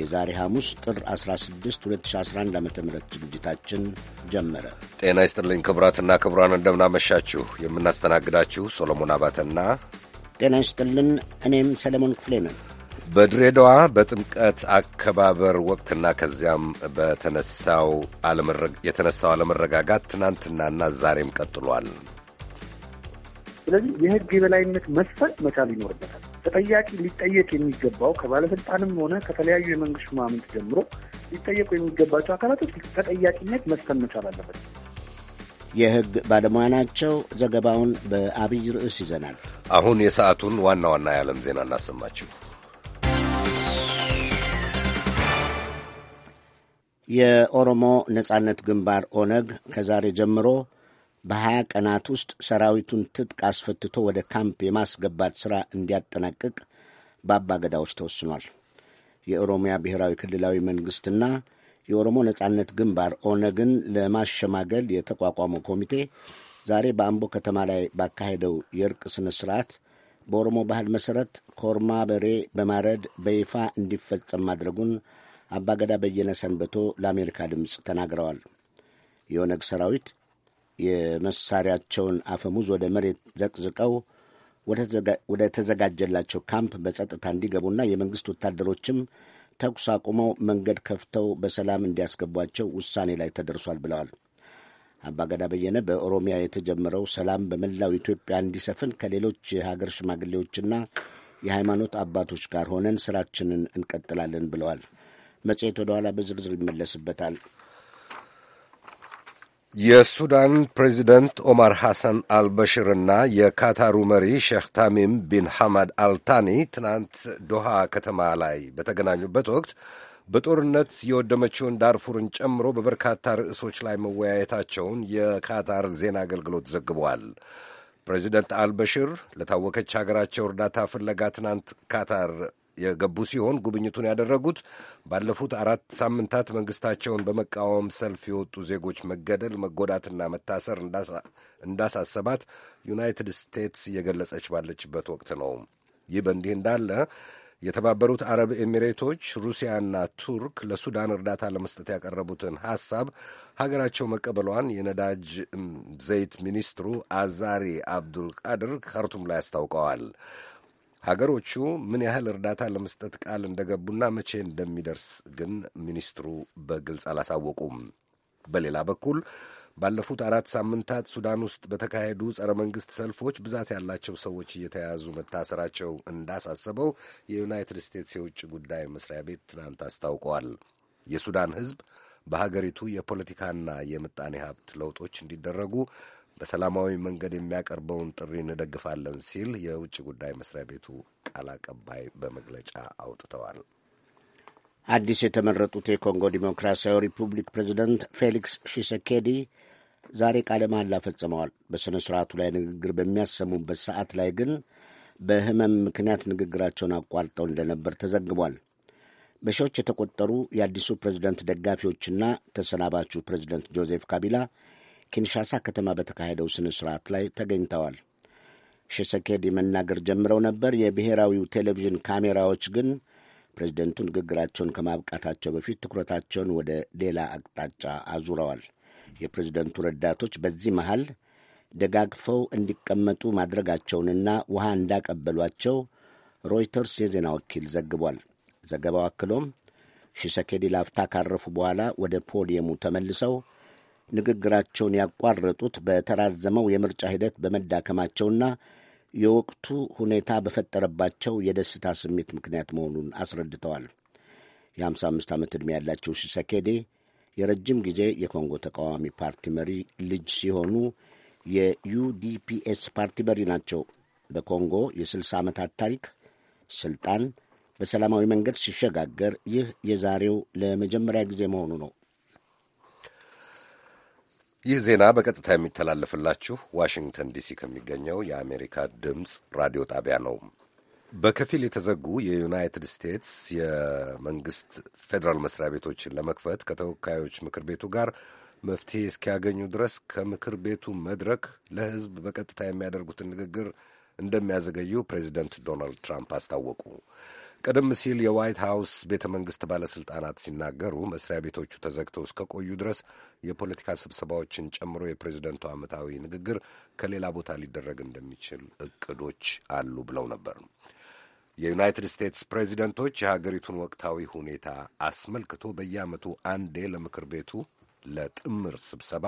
የዛሬ ሐሙስ ጥር 16 2011 ዓ ም ዝግጅታችን ጀመረ። ጤና ይስጥልኝ ክቡራትና ክቡራን፣ እንደምናመሻችሁ። የምናስተናግዳችሁ ሶሎሞን አባተና ጤና ይስጥልን፣ እኔም ሰለሞን ክፍሌ ነን። በድሬዳዋ በጥምቀት አከባበር ወቅትና ከዚያም በተነሳው የተነሳው አለመረጋጋት ትናንትናና ዛሬም ቀጥሏል። ስለዚህ የህግ የበላይነት መስፈን መቻል ይኖርበታል። ተጠያቂ ሊጠየቅ የሚገባው ከባለስልጣንም ሆነ ከተለያዩ የመንግስት ሹማምንት ጀምሮ ሊጠየቁ የሚገባቸው አካላቶች ተጠያቂነት መስፈን መቻል አለበት። የህግ ባለሙያ ናቸው። ዘገባውን በአብይ ርዕስ ይዘናል። አሁን የሰዓቱን ዋና ዋና የዓለም ዜና እናሰማችሁ። የኦሮሞ ነጻነት ግንባር ኦነግ ከዛሬ ጀምሮ በሀያ ቀናት ውስጥ ሰራዊቱን ትጥቅ አስፈትቶ ወደ ካምፕ የማስገባት ሥራ እንዲያጠናቅቅ በአባገዳዎች ተወስኗል። የኦሮሚያ ብሔራዊ ክልላዊ መንግሥትና የኦሮሞ ነጻነት ግንባር ኦነግን ለማሸማገል የተቋቋመው ኮሚቴ ዛሬ በአምቦ ከተማ ላይ ባካሄደው የእርቅ ሥነ ሥርዓት በኦሮሞ ባህል መሠረት ኮርማ በሬ በማረድ በይፋ እንዲፈጸም ማድረጉን አባገዳ በየነ ሰንበቶ ለአሜሪካ ድምፅ ተናግረዋል። የኦነግ ሰራዊት የመሳሪያቸውን አፈሙዝ ወደ መሬት ዘቅዝቀው ወደ ተዘጋጀላቸው ካምፕ በጸጥታ እንዲገቡና የመንግሥት ወታደሮችም ተኩስ አቁመው መንገድ ከፍተው በሰላም እንዲያስገቧቸው ውሳኔ ላይ ተደርሷል ብለዋል። አባገዳ በየነ በኦሮሚያ የተጀመረው ሰላም በመላው ኢትዮጵያ እንዲሰፍን ከሌሎች የሀገር ሽማግሌዎችና የሃይማኖት አባቶች ጋር ሆነን ስራችንን እንቀጥላለን ብለዋል። መጽሔት ወደ ኋላ በዝርዝር ይመለስበታል። የሱዳን ፕሬዚደንት ኦማር ሐሰን አልበሽርና የካታሩ መሪ ሼህ ታሚም ቢን ሐማድ አልታኒ ትናንት ዶሃ ከተማ ላይ በተገናኙበት ወቅት በጦርነት የወደመችውን ዳርፉርን ጨምሮ በበርካታ ርዕሶች ላይ መወያየታቸውን የካታር ዜና አገልግሎት ዘግቧል። ፕሬዚደንት አልበሽር ለታወከች ሀገራቸው እርዳታ ፍለጋ ትናንት ካታር የገቡ ሲሆን ጉብኝቱን ያደረጉት ባለፉት አራት ሳምንታት መንግስታቸውን በመቃወም ሰልፍ የወጡ ዜጎች መገደል፣ መጎዳትና መታሰር እንዳሳሰባት ዩናይትድ ስቴትስ እየገለጸች ባለችበት ወቅት ነው። ይህ በእንዲህ እንዳለ የተባበሩት አረብ ኤሚሬቶች፣ ሩሲያና ቱርክ ለሱዳን እርዳታ ለመስጠት ያቀረቡትን ሐሳብ ሀገራቸው መቀበሏን የነዳጅ ዘይት ሚኒስትሩ አዛሪ አብዱልቃድር ካርቱም ላይ አስታውቀዋል። ሀገሮቹ ምን ያህል እርዳታ ለመስጠት ቃል እንደገቡና መቼ እንደሚደርስ ግን ሚኒስትሩ በግልጽ አላሳወቁም። በሌላ በኩል ባለፉት አራት ሳምንታት ሱዳን ውስጥ በተካሄዱ ጸረ መንግስት ሰልፎች ብዛት ያላቸው ሰዎች እየተያዙ መታሰራቸው እንዳሳሰበው የዩናይትድ ስቴትስ የውጭ ጉዳይ መስሪያ ቤት ትናንት አስታውቀዋል። የሱዳን ሕዝብ በሀገሪቱ የፖለቲካና የምጣኔ ሀብት ለውጦች እንዲደረጉ በሰላማዊ መንገድ የሚያቀርበውን ጥሪ እንደግፋለን ሲል የውጭ ጉዳይ መስሪያ ቤቱ ቃል አቀባይ በመግለጫ አውጥተዋል። አዲስ የተመረጡት የኮንጎ ዲሞክራሲያዊ ሪፑብሊክ ፕሬዚደንት ፌሊክስ ሺሴኬዲ ዛሬ ቃለ መሐላ ፈጽመዋል። በሥነ ሥርዓቱ ላይ ንግግር በሚያሰሙበት ሰዓት ላይ ግን በሕመም ምክንያት ንግግራቸውን አቋርጠው እንደነበር ተዘግቧል። በሺዎች የተቆጠሩ የአዲሱ ፕሬዚደንት ደጋፊዎችና ተሰናባቹ ፕሬዚደንት ጆዜፍ ካቢላ ኪንሻሳ ከተማ በተካሄደው ስነ ስርዓት ላይ ተገኝተዋል። ሽሰኬዲ መናገር ጀምረው ነበር። የብሔራዊው ቴሌቪዥን ካሜራዎች ግን ፕሬዚደንቱ ንግግራቸውን ከማብቃታቸው በፊት ትኩረታቸውን ወደ ሌላ አቅጣጫ አዙረዋል። የፕሬዚደንቱ ረዳቶች በዚህ መሃል ደጋግፈው እንዲቀመጡ ማድረጋቸውንና ውሃ እንዳቀበሏቸው ሮይተርስ የዜና ወኪል ዘግቧል። ዘገባው አክሎም ሺሰኬዲ ላፍታ ካረፉ በኋላ ወደ ፖዲየሙ ተመልሰው ንግግራቸውን ያቋረጡት በተራዘመው የምርጫ ሂደት በመዳከማቸውና የወቅቱ ሁኔታ በፈጠረባቸው የደስታ ስሜት ምክንያት መሆኑን አስረድተዋል። የ55 ዓመት ዕድሜ ያላቸው ሺሴኬዴ የረጅም ጊዜ የኮንጎ ተቃዋሚ ፓርቲ መሪ ልጅ ሲሆኑ የዩዲፒኤስ ፓርቲ መሪ ናቸው። በኮንጎ የ60 ዓመታት ታሪክ ስልጣን በሰላማዊ መንገድ ሲሸጋገር ይህ የዛሬው ለመጀመሪያ ጊዜ መሆኑ ነው። ይህ ዜና በቀጥታ የሚተላለፍላችሁ ዋሽንግተን ዲሲ ከሚገኘው የአሜሪካ ድምፅ ራዲዮ ጣቢያ ነው። በከፊል የተዘጉ የዩናይትድ ስቴትስ የመንግስት ፌዴራል መስሪያ ቤቶችን ለመክፈት ከተወካዮች ምክር ቤቱ ጋር መፍትሄ እስኪያገኙ ድረስ ከምክር ቤቱ መድረክ ለሕዝብ በቀጥታ የሚያደርጉትን ንግግር እንደሚያዘገዩ ፕሬዚደንት ዶናልድ ትራምፕ አስታወቁ። ቀደም ሲል የዋይት ሀውስ ቤተ መንግሥት ባለሥልጣናት ሲናገሩ መስሪያ ቤቶቹ ተዘግተው እስከ ቆዩ ድረስ የፖለቲካ ስብሰባዎችን ጨምሮ የፕሬዝደንቱ ዓመታዊ ንግግር ከሌላ ቦታ ሊደረግ እንደሚችል እቅዶች አሉ ብለው ነበር። የዩናይትድ ስቴትስ ፕሬዚደንቶች የሀገሪቱን ወቅታዊ ሁኔታ አስመልክቶ በየዓመቱ አንዴ ለምክር ቤቱ ለጥምር ስብሰባ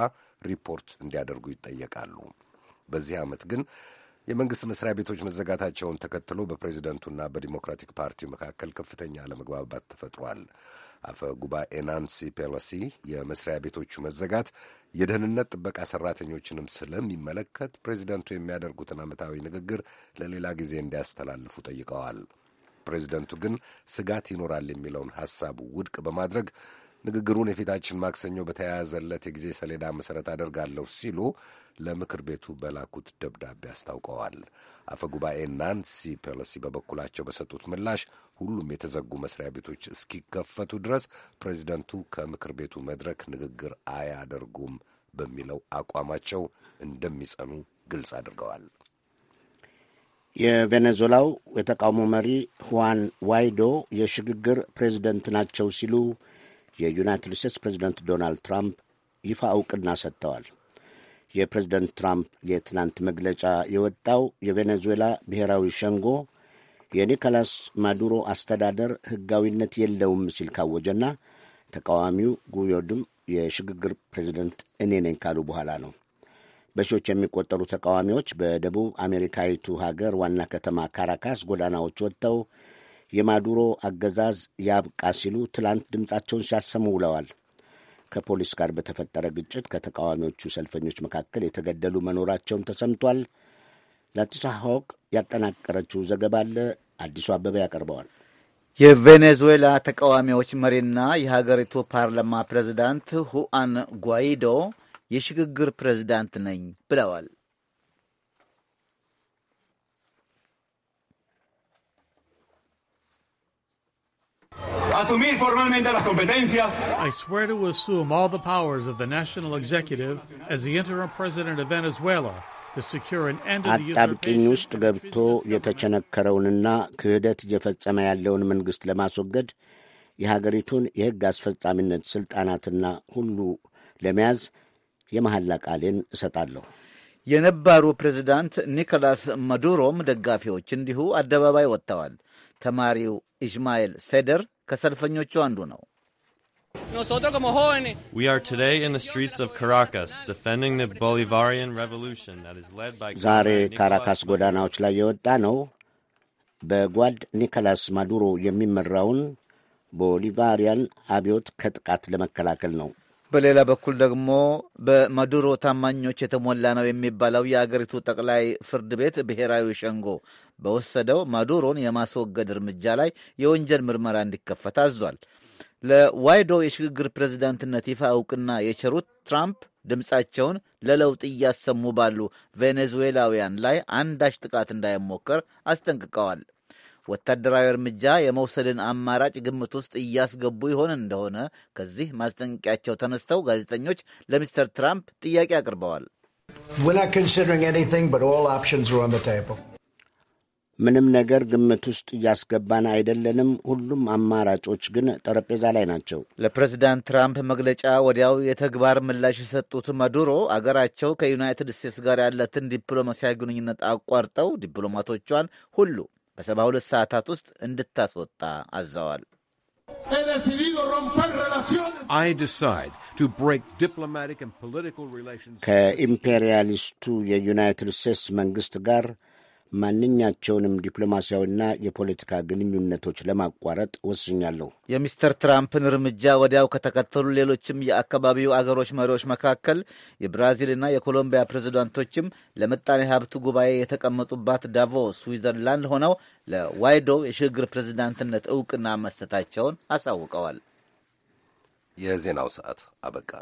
ሪፖርት እንዲያደርጉ ይጠየቃሉ። በዚህ ዓመት ግን የመንግስት መስሪያ ቤቶች መዘጋታቸውን ተከትሎ በፕሬዚደንቱና በዲሞክራቲክ ፓርቲው መካከል ከፍተኛ አለመግባባት ተፈጥሯል። አፈ ጉባኤ ናንሲ ፔሎሲ የመስሪያ ቤቶቹ መዘጋት የደህንነት ጥበቃ ሰራተኞችንም ስለሚመለከት ፕሬዚደንቱ የሚያደርጉትን ዓመታዊ ንግግር ለሌላ ጊዜ እንዲያስተላልፉ ጠይቀዋል። ፕሬዚደንቱ ግን ስጋት ይኖራል የሚለውን ሐሳብ ውድቅ በማድረግ ንግግሩን የፊታችን ማክሰኞ በተያያዘለት የጊዜ ሰሌዳ መሠረት አደርጋለሁ ሲሉ ለምክር ቤቱ በላኩት ደብዳቤ አስታውቀዋል። አፈ ጉባኤ ናንሲ ፔሎሲ በበኩላቸው በሰጡት ምላሽ ሁሉም የተዘጉ መስሪያ ቤቶች እስኪከፈቱ ድረስ ፕሬዚደንቱ ከምክር ቤቱ መድረክ ንግግር አያደርጉም በሚለው አቋማቸው እንደሚጸኑ ግልጽ አድርገዋል። የቬኔዙላው የተቃውሞ መሪ ሁዋን ዋይዶ የሽግግር ፕሬዚደንት ናቸው ሲሉ የዩናይትድ ስቴትስ ፕሬዚደንት ዶናልድ ትራምፕ ይፋ እውቅና ሰጥተዋል። የፕሬዚደንት ትራምፕ የትናንት መግለጫ የወጣው የቬኔዙዌላ ብሔራዊ ሸንጎ የኒኮላስ ማዱሮ አስተዳደር ሕጋዊነት የለውም ሲል ካወጀና ተቃዋሚው ጉዮድም የሽግግር ፕሬዚደንት እኔ ነኝ ካሉ በኋላ ነው። በሺዎች የሚቆጠሩ ተቃዋሚዎች በደቡብ አሜሪካዊቱ ሀገር ዋና ከተማ ካራካስ ጎዳናዎች ወጥተው የማዱሮ አገዛዝ ያብቃ ሲሉ ትላንት ድምፃቸውን ሲያሰሙ ውለዋል። ከፖሊስ ጋር በተፈጠረ ግጭት ከተቃዋሚዎቹ ሰልፈኞች መካከል የተገደሉ መኖራቸውም ተሰምቷል። ለአዲስ ሐወቅ ያጠናቀረችው ዘገባ አለ አዲሱ አበበ ያቀርበዋል። የቬኔዙዌላ ተቃዋሚዎች መሪና የሀገሪቱ ፓርላማ ፕሬዚዳንት ሁአን ጓይዶ የሽግግር ፕሬዚዳንት ነኝ ብለዋል። asumir formalmente las competencias. I swear to assume all the powers of the national executive as the interim president of Venezuela to አጣብቂኝ ውስጥ ገብቶ የተቸነከረውንና ክህደት እየፈጸመ ያለውን መንግሥት ለማስወገድ የሀገሪቱን የሕግ አስፈጻሚነት ሥልጣናትና ሁሉ ለመያዝ የመሐላ ቃሌን እሰጣለሁ። የነባሩ ፕሬዚዳንት ኒኮላስ ማዱሮም ደጋፊዎች እንዲሁ አደባባይ ወጥተዋል። ተማሪው ኢስማኤል ሴደር ከሰልፈኞቹ አንዱ ነው። ዛሬ ካራካስ ጎዳናዎች ላይ የወጣ ነው በጓድ ኒኮላስ ማዱሮ የሚመራውን ቦሊቫሪያን አብዮት ከጥቃት ለመከላከል ነው። በሌላ በኩል ደግሞ በማዱሮ ታማኞች የተሞላ ነው የሚባለው የአገሪቱ ጠቅላይ ፍርድ ቤት ብሔራዊ ሸንጎ በወሰደው ማዱሮን የማስወገድ እርምጃ ላይ የወንጀል ምርመራ እንዲከፈት አዟል። ለዋይዶ የሽግግር ፕሬዚዳንትነት ይፋ እውቅና የቸሩት ትራምፕ ድምፃቸውን ለለውጥ እያሰሙ ባሉ ቬኔዙዌላውያን ላይ አንዳች ጥቃት እንዳይሞከር አስጠንቅቀዋል። ወታደራዊ እርምጃ የመውሰድን አማራጭ ግምት ውስጥ እያስገቡ ይሆን እንደሆነ ከዚህ ማስጠንቀቂያቸው ተነስተው ጋዜጠኞች ለሚስተር ትራምፕ ጥያቄ አቅርበዋል። ምንም ነገር ግምት ውስጥ እያስገባን አይደለንም። ሁሉም አማራጮች ግን ጠረጴዛ ላይ ናቸው። ለፕሬዚዳንት ትራምፕ መግለጫ ወዲያው የተግባር ምላሽ የሰጡት መዱሮ አገራቸው ከዩናይትድ ስቴትስ ጋር ያለትን ዲፕሎማሲያዊ ግንኙነት አቋርጠው ዲፕሎማቶቿን ሁሉ በሰባ ሁለት ሰዓታት ውስጥ እንድታስወጣ አዘዋል። ከኢምፔሪያሊስቱ የዩናይትድ ስቴትስ መንግሥት ጋር ማንኛቸውንም ዲፕሎማሲያዊና የፖለቲካ ግንኙነቶች ለማቋረጥ ወስኛለሁ። የሚስተር ትራምፕን እርምጃ ወዲያው ከተከተሉ ሌሎችም የአካባቢው አገሮች መሪዎች መካከል የብራዚልና የኮሎምቢያ ፕሬዚዳንቶችም ለምጣኔ ሀብቱ ጉባኤ የተቀመጡባት ዳቮስ ስዊዘርላንድ ሆነው ለዋይዶ የሽግግር ፕሬዚዳንትነት እውቅና መስጠታቸውን አሳውቀዋል። የዜናው ሰዓት አበቃ።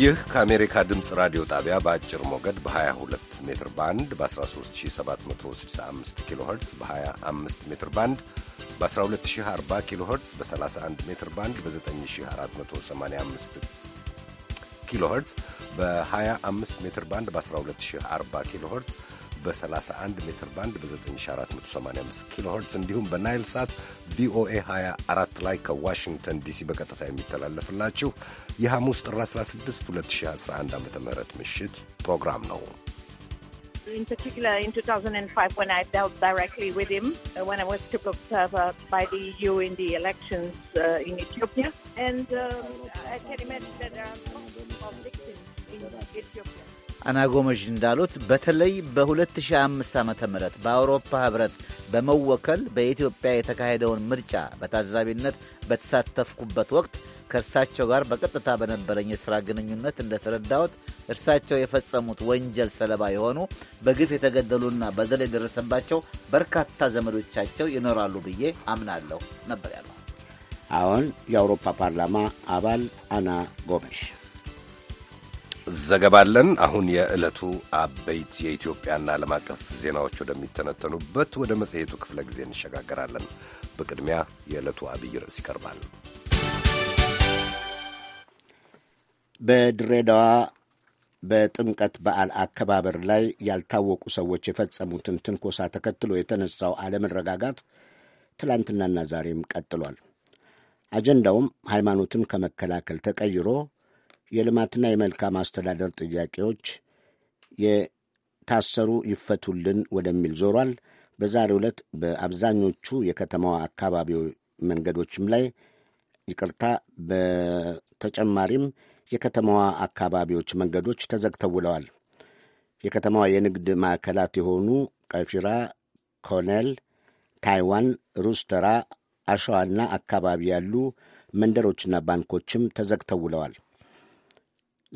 ይህ ከአሜሪካ ድምፅ ራዲዮ ጣቢያ በአጭር ሞገድ በ22 ሜትር ባንድ በ13765 ኪሎ ኸርትዝ በ25 ሜትር ባንድ በ1240 ኪሎ ኸርትዝ በ31 ሜትር ባንድ በ9485 ኪሎ ኸርትዝ በ25 ሜትር ባንድ በ1240 ኪሎ ኸርትዝ በ31 ሜትር ባንድ በ9485 ኪሎ ኸርትዝ እንዲሁም በናይል ሳት ቪኦኤ 24 ላይ ከዋሽንግተን ዲሲ በቀጥታ የሚተላለፍላችሁ የሐሙስ ጥር 16 2011 ዓ ም ምሽት ፕሮግራም ነው። In particular, in 2005, when I dealt directly with him, uh, when I was top observer by the EU in the elections uh, in Ethiopia, and um, I can imagine that there are lots of victims in Ethiopia. አና ጎመዥ እንዳሉት በተለይ በ2005 ዓ ም በአውሮፓ ህብረት በመወከል በኢትዮጵያ የተካሄደውን ምርጫ በታዛቢነት በተሳተፍኩበት ወቅት ከእርሳቸው ጋር በቀጥታ በነበረኝ የሥራ ግንኙነት እንደተረዳሁት እርሳቸው የፈጸሙት ወንጀል ሰለባ የሆኑ በግፍ የተገደሉና በደል የደረሰባቸው በርካታ ዘመዶቻቸው ይኖራሉ ብዬ አምናለሁ ነበር ያለው። አሁን የአውሮፓ ፓርላማ አባል አና ጎመሽ ዘገባለን። አሁን የዕለቱ አበይት የኢትዮጵያና ዓለም አቀፍ ዜናዎች ወደሚተነተኑበት ወደ መጽሔቱ ክፍለ ጊዜ እንሸጋገራለን። በቅድሚያ የዕለቱ አብይ ርዕስ ይቀርባል። በድሬዳዋ በጥምቀት በዓል አከባበር ላይ ያልታወቁ ሰዎች የፈጸሙትን ትንኮሳ ተከትሎ የተነሳው አለመረጋጋት ትላንትናና ዛሬም ቀጥሏል። አጀንዳውም ሃይማኖትን ከመከላከል ተቀይሮ የልማትና የመልካም አስተዳደር ጥያቄዎች የታሰሩ ይፈቱልን ወደሚል ዞሯል። በዛሬ ዕለት በአብዛኞቹ የከተማዋ አካባቢ መንገዶችም ላይ ይቅርታ፣ በተጨማሪም የከተማዋ አካባቢዎች መንገዶች ተዘግተው ውለዋል። የከተማዋ የንግድ ማዕከላት የሆኑ ቀፊራ፣ ኮነል ታይዋን፣ ሩስተራ፣ አሸዋና አካባቢ ያሉ መንደሮችና ባንኮችም ተዘግተው ውለዋል።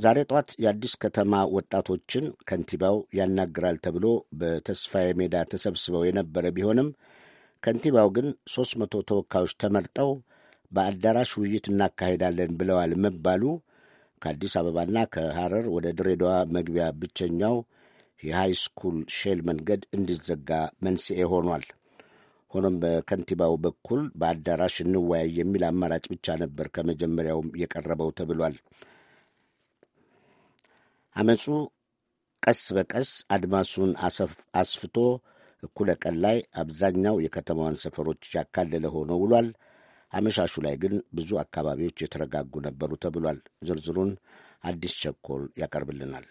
ዛሬ ጠዋት የአዲስ ከተማ ወጣቶችን ከንቲባው ያናግራል ተብሎ በተስፋዬ ሜዳ ተሰብስበው የነበረ ቢሆንም ከንቲባው ግን ሦስት መቶ ተወካዮች ተመርጠው በአዳራሽ ውይይት እናካሄዳለን ብለዋል መባሉ ከአዲስ አበባና ከሐረር ወደ ድሬዳዋ መግቢያ ብቸኛው የሃይስኩል ሼል መንገድ እንዲዘጋ መንስኤ ሆኗል። ሆኖም በከንቲባው በኩል በአዳራሽ እንወያይ የሚል አማራጭ ብቻ ነበር ከመጀመሪያውም የቀረበው ተብሏል። አመፁ ቀስ በቀስ አድማሱን አስፍቶ እኩለ ቀን ላይ አብዛኛው የከተማዋን ሰፈሮች ያካለለ ሆኖ ውሏል። አመሻሹ ላይ ግን ብዙ አካባቢዎች የተረጋጉ ነበሩ ተብሏል። ዝርዝሩን አዲስ ቸኮል ያቀርብልናል።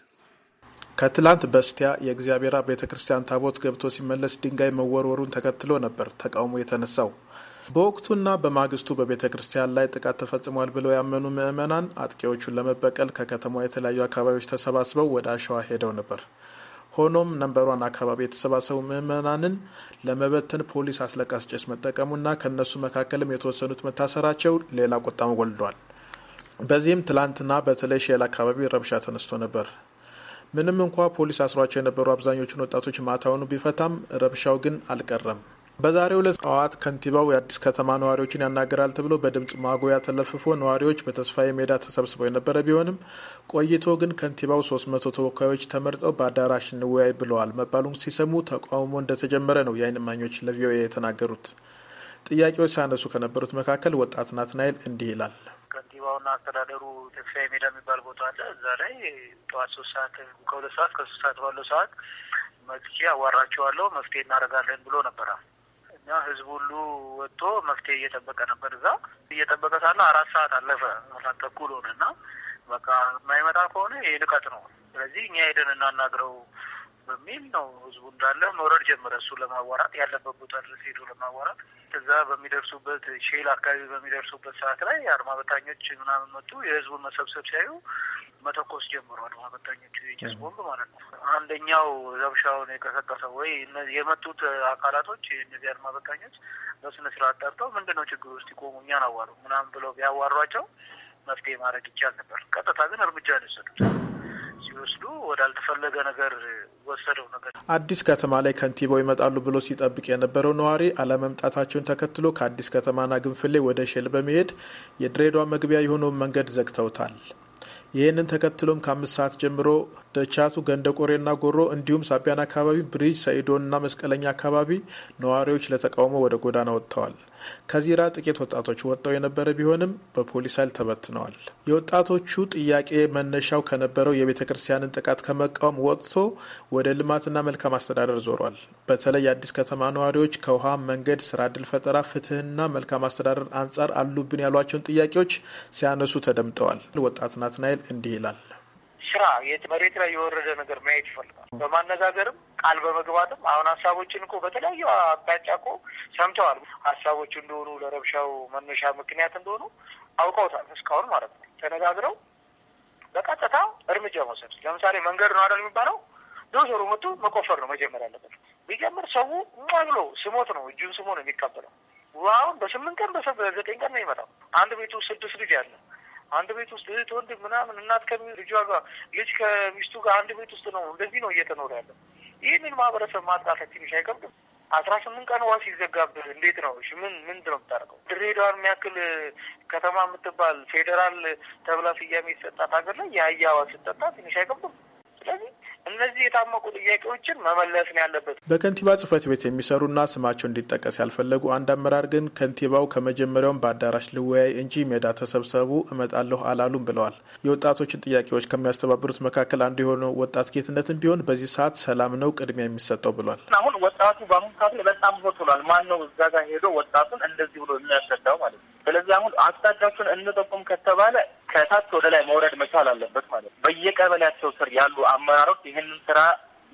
ከትላንት በስቲያ የእግዚአብሔር ቤተ ክርስቲያን ታቦት ገብቶ ሲመለስ ድንጋይ መወርወሩን ተከትሎ ነበር ተቃውሞ የተነሳው። በወቅቱና በማግስቱ በቤተ ክርስቲያን ላይ ጥቃት ተፈጽሟል ብለው ያመኑ ምዕመናን አጥቂዎቹን ለመበቀል ከከተማ የተለያዩ አካባቢዎች ተሰባስበው ወደ አሸዋ ሄደው ነበር። ሆኖም ነንበሯን አካባቢ የተሰባሰቡ ምዕመናንን ለመበተን ፖሊስ አስለቃስ ጭስ መጠቀሙና ከእነሱ መካከልም የተወሰኑት መታሰራቸው ሌላ ቁጣም ወልዷል። በዚህም ትላንትና በተለይ ሼል አካባቢ ረብሻ ተነስቶ ነበር። ምንም እንኳ ፖሊስ አስሯቸው የነበሩ አብዛኞቹን ወጣቶች ማታውኑ ቢፈታም ረብሻው ግን አልቀረም። በዛሬው ዕለት ጠዋት ከንቲባው የአዲስ ከተማ ነዋሪዎችን ያናገራል ተብሎ በድምፅ ማጉያ ተለፍፎ ነዋሪዎች በተስፋዬ ሜዳ ተሰብስበው የነበረ ቢሆንም ቆይቶ ግን ከንቲባው ሶስት መቶ ተወካዮች ተመርጠው በአዳራሽ እንወያይ ብለዋል መባሉም ሲሰሙ ተቃውሞ እንደተጀመረ ነው የአይን እማኞች ለቪኦኤ የተናገሩት። ጥያቄዎች ሲያነሱ ከነበሩት መካከል ወጣት ናትናኤል እንዲህ ይላል። ከንቲባውና አስተዳደሩ ተስፋዬ ሜዳ የሚባል ቦታ አለ። እዛ ላይ ጠዋት ሶስት ሰዓት ከሁለት ሰዓት ከሶስት ሰዓት ባለው ሰዓት መጥቼ አዋራቸዋለሁ መፍትሄ እናደርጋለን ብሎ ነበረ እኛ ህዝብ ሁሉ ወጥቶ መፍትሄ እየጠበቀ ነበር። እዛ እየጠበቀ ሳለ አራት ሰዓት አለፈ፣ አራት ተኩል ሆነ እና በቃ የማይመጣ ከሆነ ይህ ንቀት ነው። ስለዚህ እኛ ሄደን እናናግረው በሚል ነው ህዝቡ እንዳለ መውረድ ጀመረ። እሱ ለማዋራት ያለበት ቦታ ድረስ ሄዶ ለማዋራት እዛ በሚደርሱበት ሼል አካባቢ በሚደርሱበት ሰዓት ላይ አድማ በታኞች ምናምን መጡ። የህዝቡን መሰብሰብ ሲያዩ መተኮስ ጀምሩ። አድማ በታኞቹ የጭስ ቦምብ ማለት ነው። አንደኛው ዘብሻውን የቀሰቀሰው ወይ የመጡት አካላቶች እነዚህ አድማ በታኞች በስነ ስርዓት ጠርተው ምንድን ነው ችግር ውስጥ ይቆሙ እኛን አዋሩ ምናምን ብለው ቢያዋሯቸው መፍትሄ ማድረግ ይቻል ነበር። ቀጥታ ግን እርምጃ ነው የወሰዱት። ሲወስዱ ወዳልተፈለገ ነገር ወሰደው ነገር አዲስ ከተማ ላይ ከንቲባው ይመጣሉ ብሎ ሲጠብቅ የነበረው ነዋሪ አለመምጣታቸውን ተከትሎ ከአዲስ ከተማና ግንፍሌ ወደ ሼል በመሄድ የድሬዳዋ መግቢያ የሆነውን መንገድ ዘግተውታል። ይህንን ተከትሎም ከአምስት ሰዓት ጀምሮ ደቻቱ ገንደ ቆሬና ጎሮ እንዲሁም ሳቢያን አካባቢ ብሪጅ ሰኢዶንና መስቀለኛ አካባቢ ነዋሪዎች ለተቃውሞ ወደ ጎዳና ወጥተዋል። ከዚራ ጥቂት ወጣቶች ወጥተው የነበረ ቢሆንም በፖሊስ ኃይል ተበትነዋል። የወጣቶቹ ጥያቄ መነሻው ከነበረው የቤተ ክርስቲያንን ጥቃት ከመቃወም ወጥቶ ወደ ልማትና መልካም አስተዳደር ዞሯል። በተለይ የአዲስ ከተማ ነዋሪዎች ከውሃ፣ መንገድ፣ ስራ ድል ፈጠራ፣ ፍትህና መልካም አስተዳደር አንጻር አሉብን ያሏቸውን ጥያቄዎች ሲያነሱ ተደምጠዋል። ወጣት ናትናኤል እንዲህ ይላል። ስራ መሬት ላይ የወረደ ነገር ማየት ይፈልጋል። በማነጋገርም ቃል በመግባትም አሁን ሀሳቦችን እኮ በተለያዩ አቅጣጫ እኮ ሰምተዋል። ሀሳቦች እንደሆኑ ለረብሻው መነሻ ምክንያት እንደሆኑ አውቀውታል እስካሁን ማለት ነው። ተነጋግረው በቀጥታ እርምጃ መውሰድ ለምሳሌ መንገድ ነው አይደል የሚባለው ዶዘሩ መቶ መቆፈር ነው መጀመር ያለበት። ቢጀምር ሰው ማ ብሎ ስሞት ነው እጁን ስሞ ነው የሚቀበለው። አሁን በስምንት ቀን በዘጠኝ ቀን ነው ይመጣው። አንድ ቤቱ ስድስት ልጅ ያለ አንድ ቤት ውስጥ እህት ወንድ ምናምን እናት ልጇ ጋር ልጅ ከሚስቱ ጋር አንድ ቤት ውስጥ ነው እንደዚህ ነው እየተኖረ ያለው። ይህንን ማህበረሰብ ማጥቃት ትንሽ አይከብድም? አስራ ስምንት ቀን ዋስ ሲዘጋብህ እንዴት ነው እሺ? ምን ምንድን ነው የምታደርገው? ድሬዳዋን የሚያክል ከተማ የምትባል ፌዴራል ተብላ ስያሜ የተሰጣት ሀገር ላይ የአህያ ውሃ ስትጠጣ ትንሽ አይከብድም? ስለዚህ እነዚህ የታመቁ ጥያቄዎችን መመለስ ነው ያለበት። በከንቲባ ጽህፈት ቤት የሚሰሩና ስማቸው እንዲጠቀስ ያልፈለጉ አንድ አመራር ግን ከንቲባው ከመጀመሪያውን በአዳራሽ ልወያይ እንጂ ሜዳ ተሰብሰቡ እመጣለሁ አላሉም ብለዋል። የወጣቶችን ጥያቄዎች ከሚያስተባብሩት መካከል አንዱ የሆነው ወጣት ጌትነትን ቢሆን በዚህ ሰዓት ሰላም ነው ቅድሚያ የሚሰጠው ብሏል። አሁን ወጣቱ በአሁኑ ካፍ በጣም ሆት ብሏል። ማን ነው እዛ ጋር ሄዶ ወጣቱን እንደዚህ ብሎ የሚያስረዳው ማለት ነው ስለዚህ አሁን አቅጣጫቸውን እንጠቁም ከተባለ ከታች ወደ ላይ መውረድ መቻል አለበት ማለት በየቀበሌያቸው ስር ያሉ አመራሮች ይህንን ስራ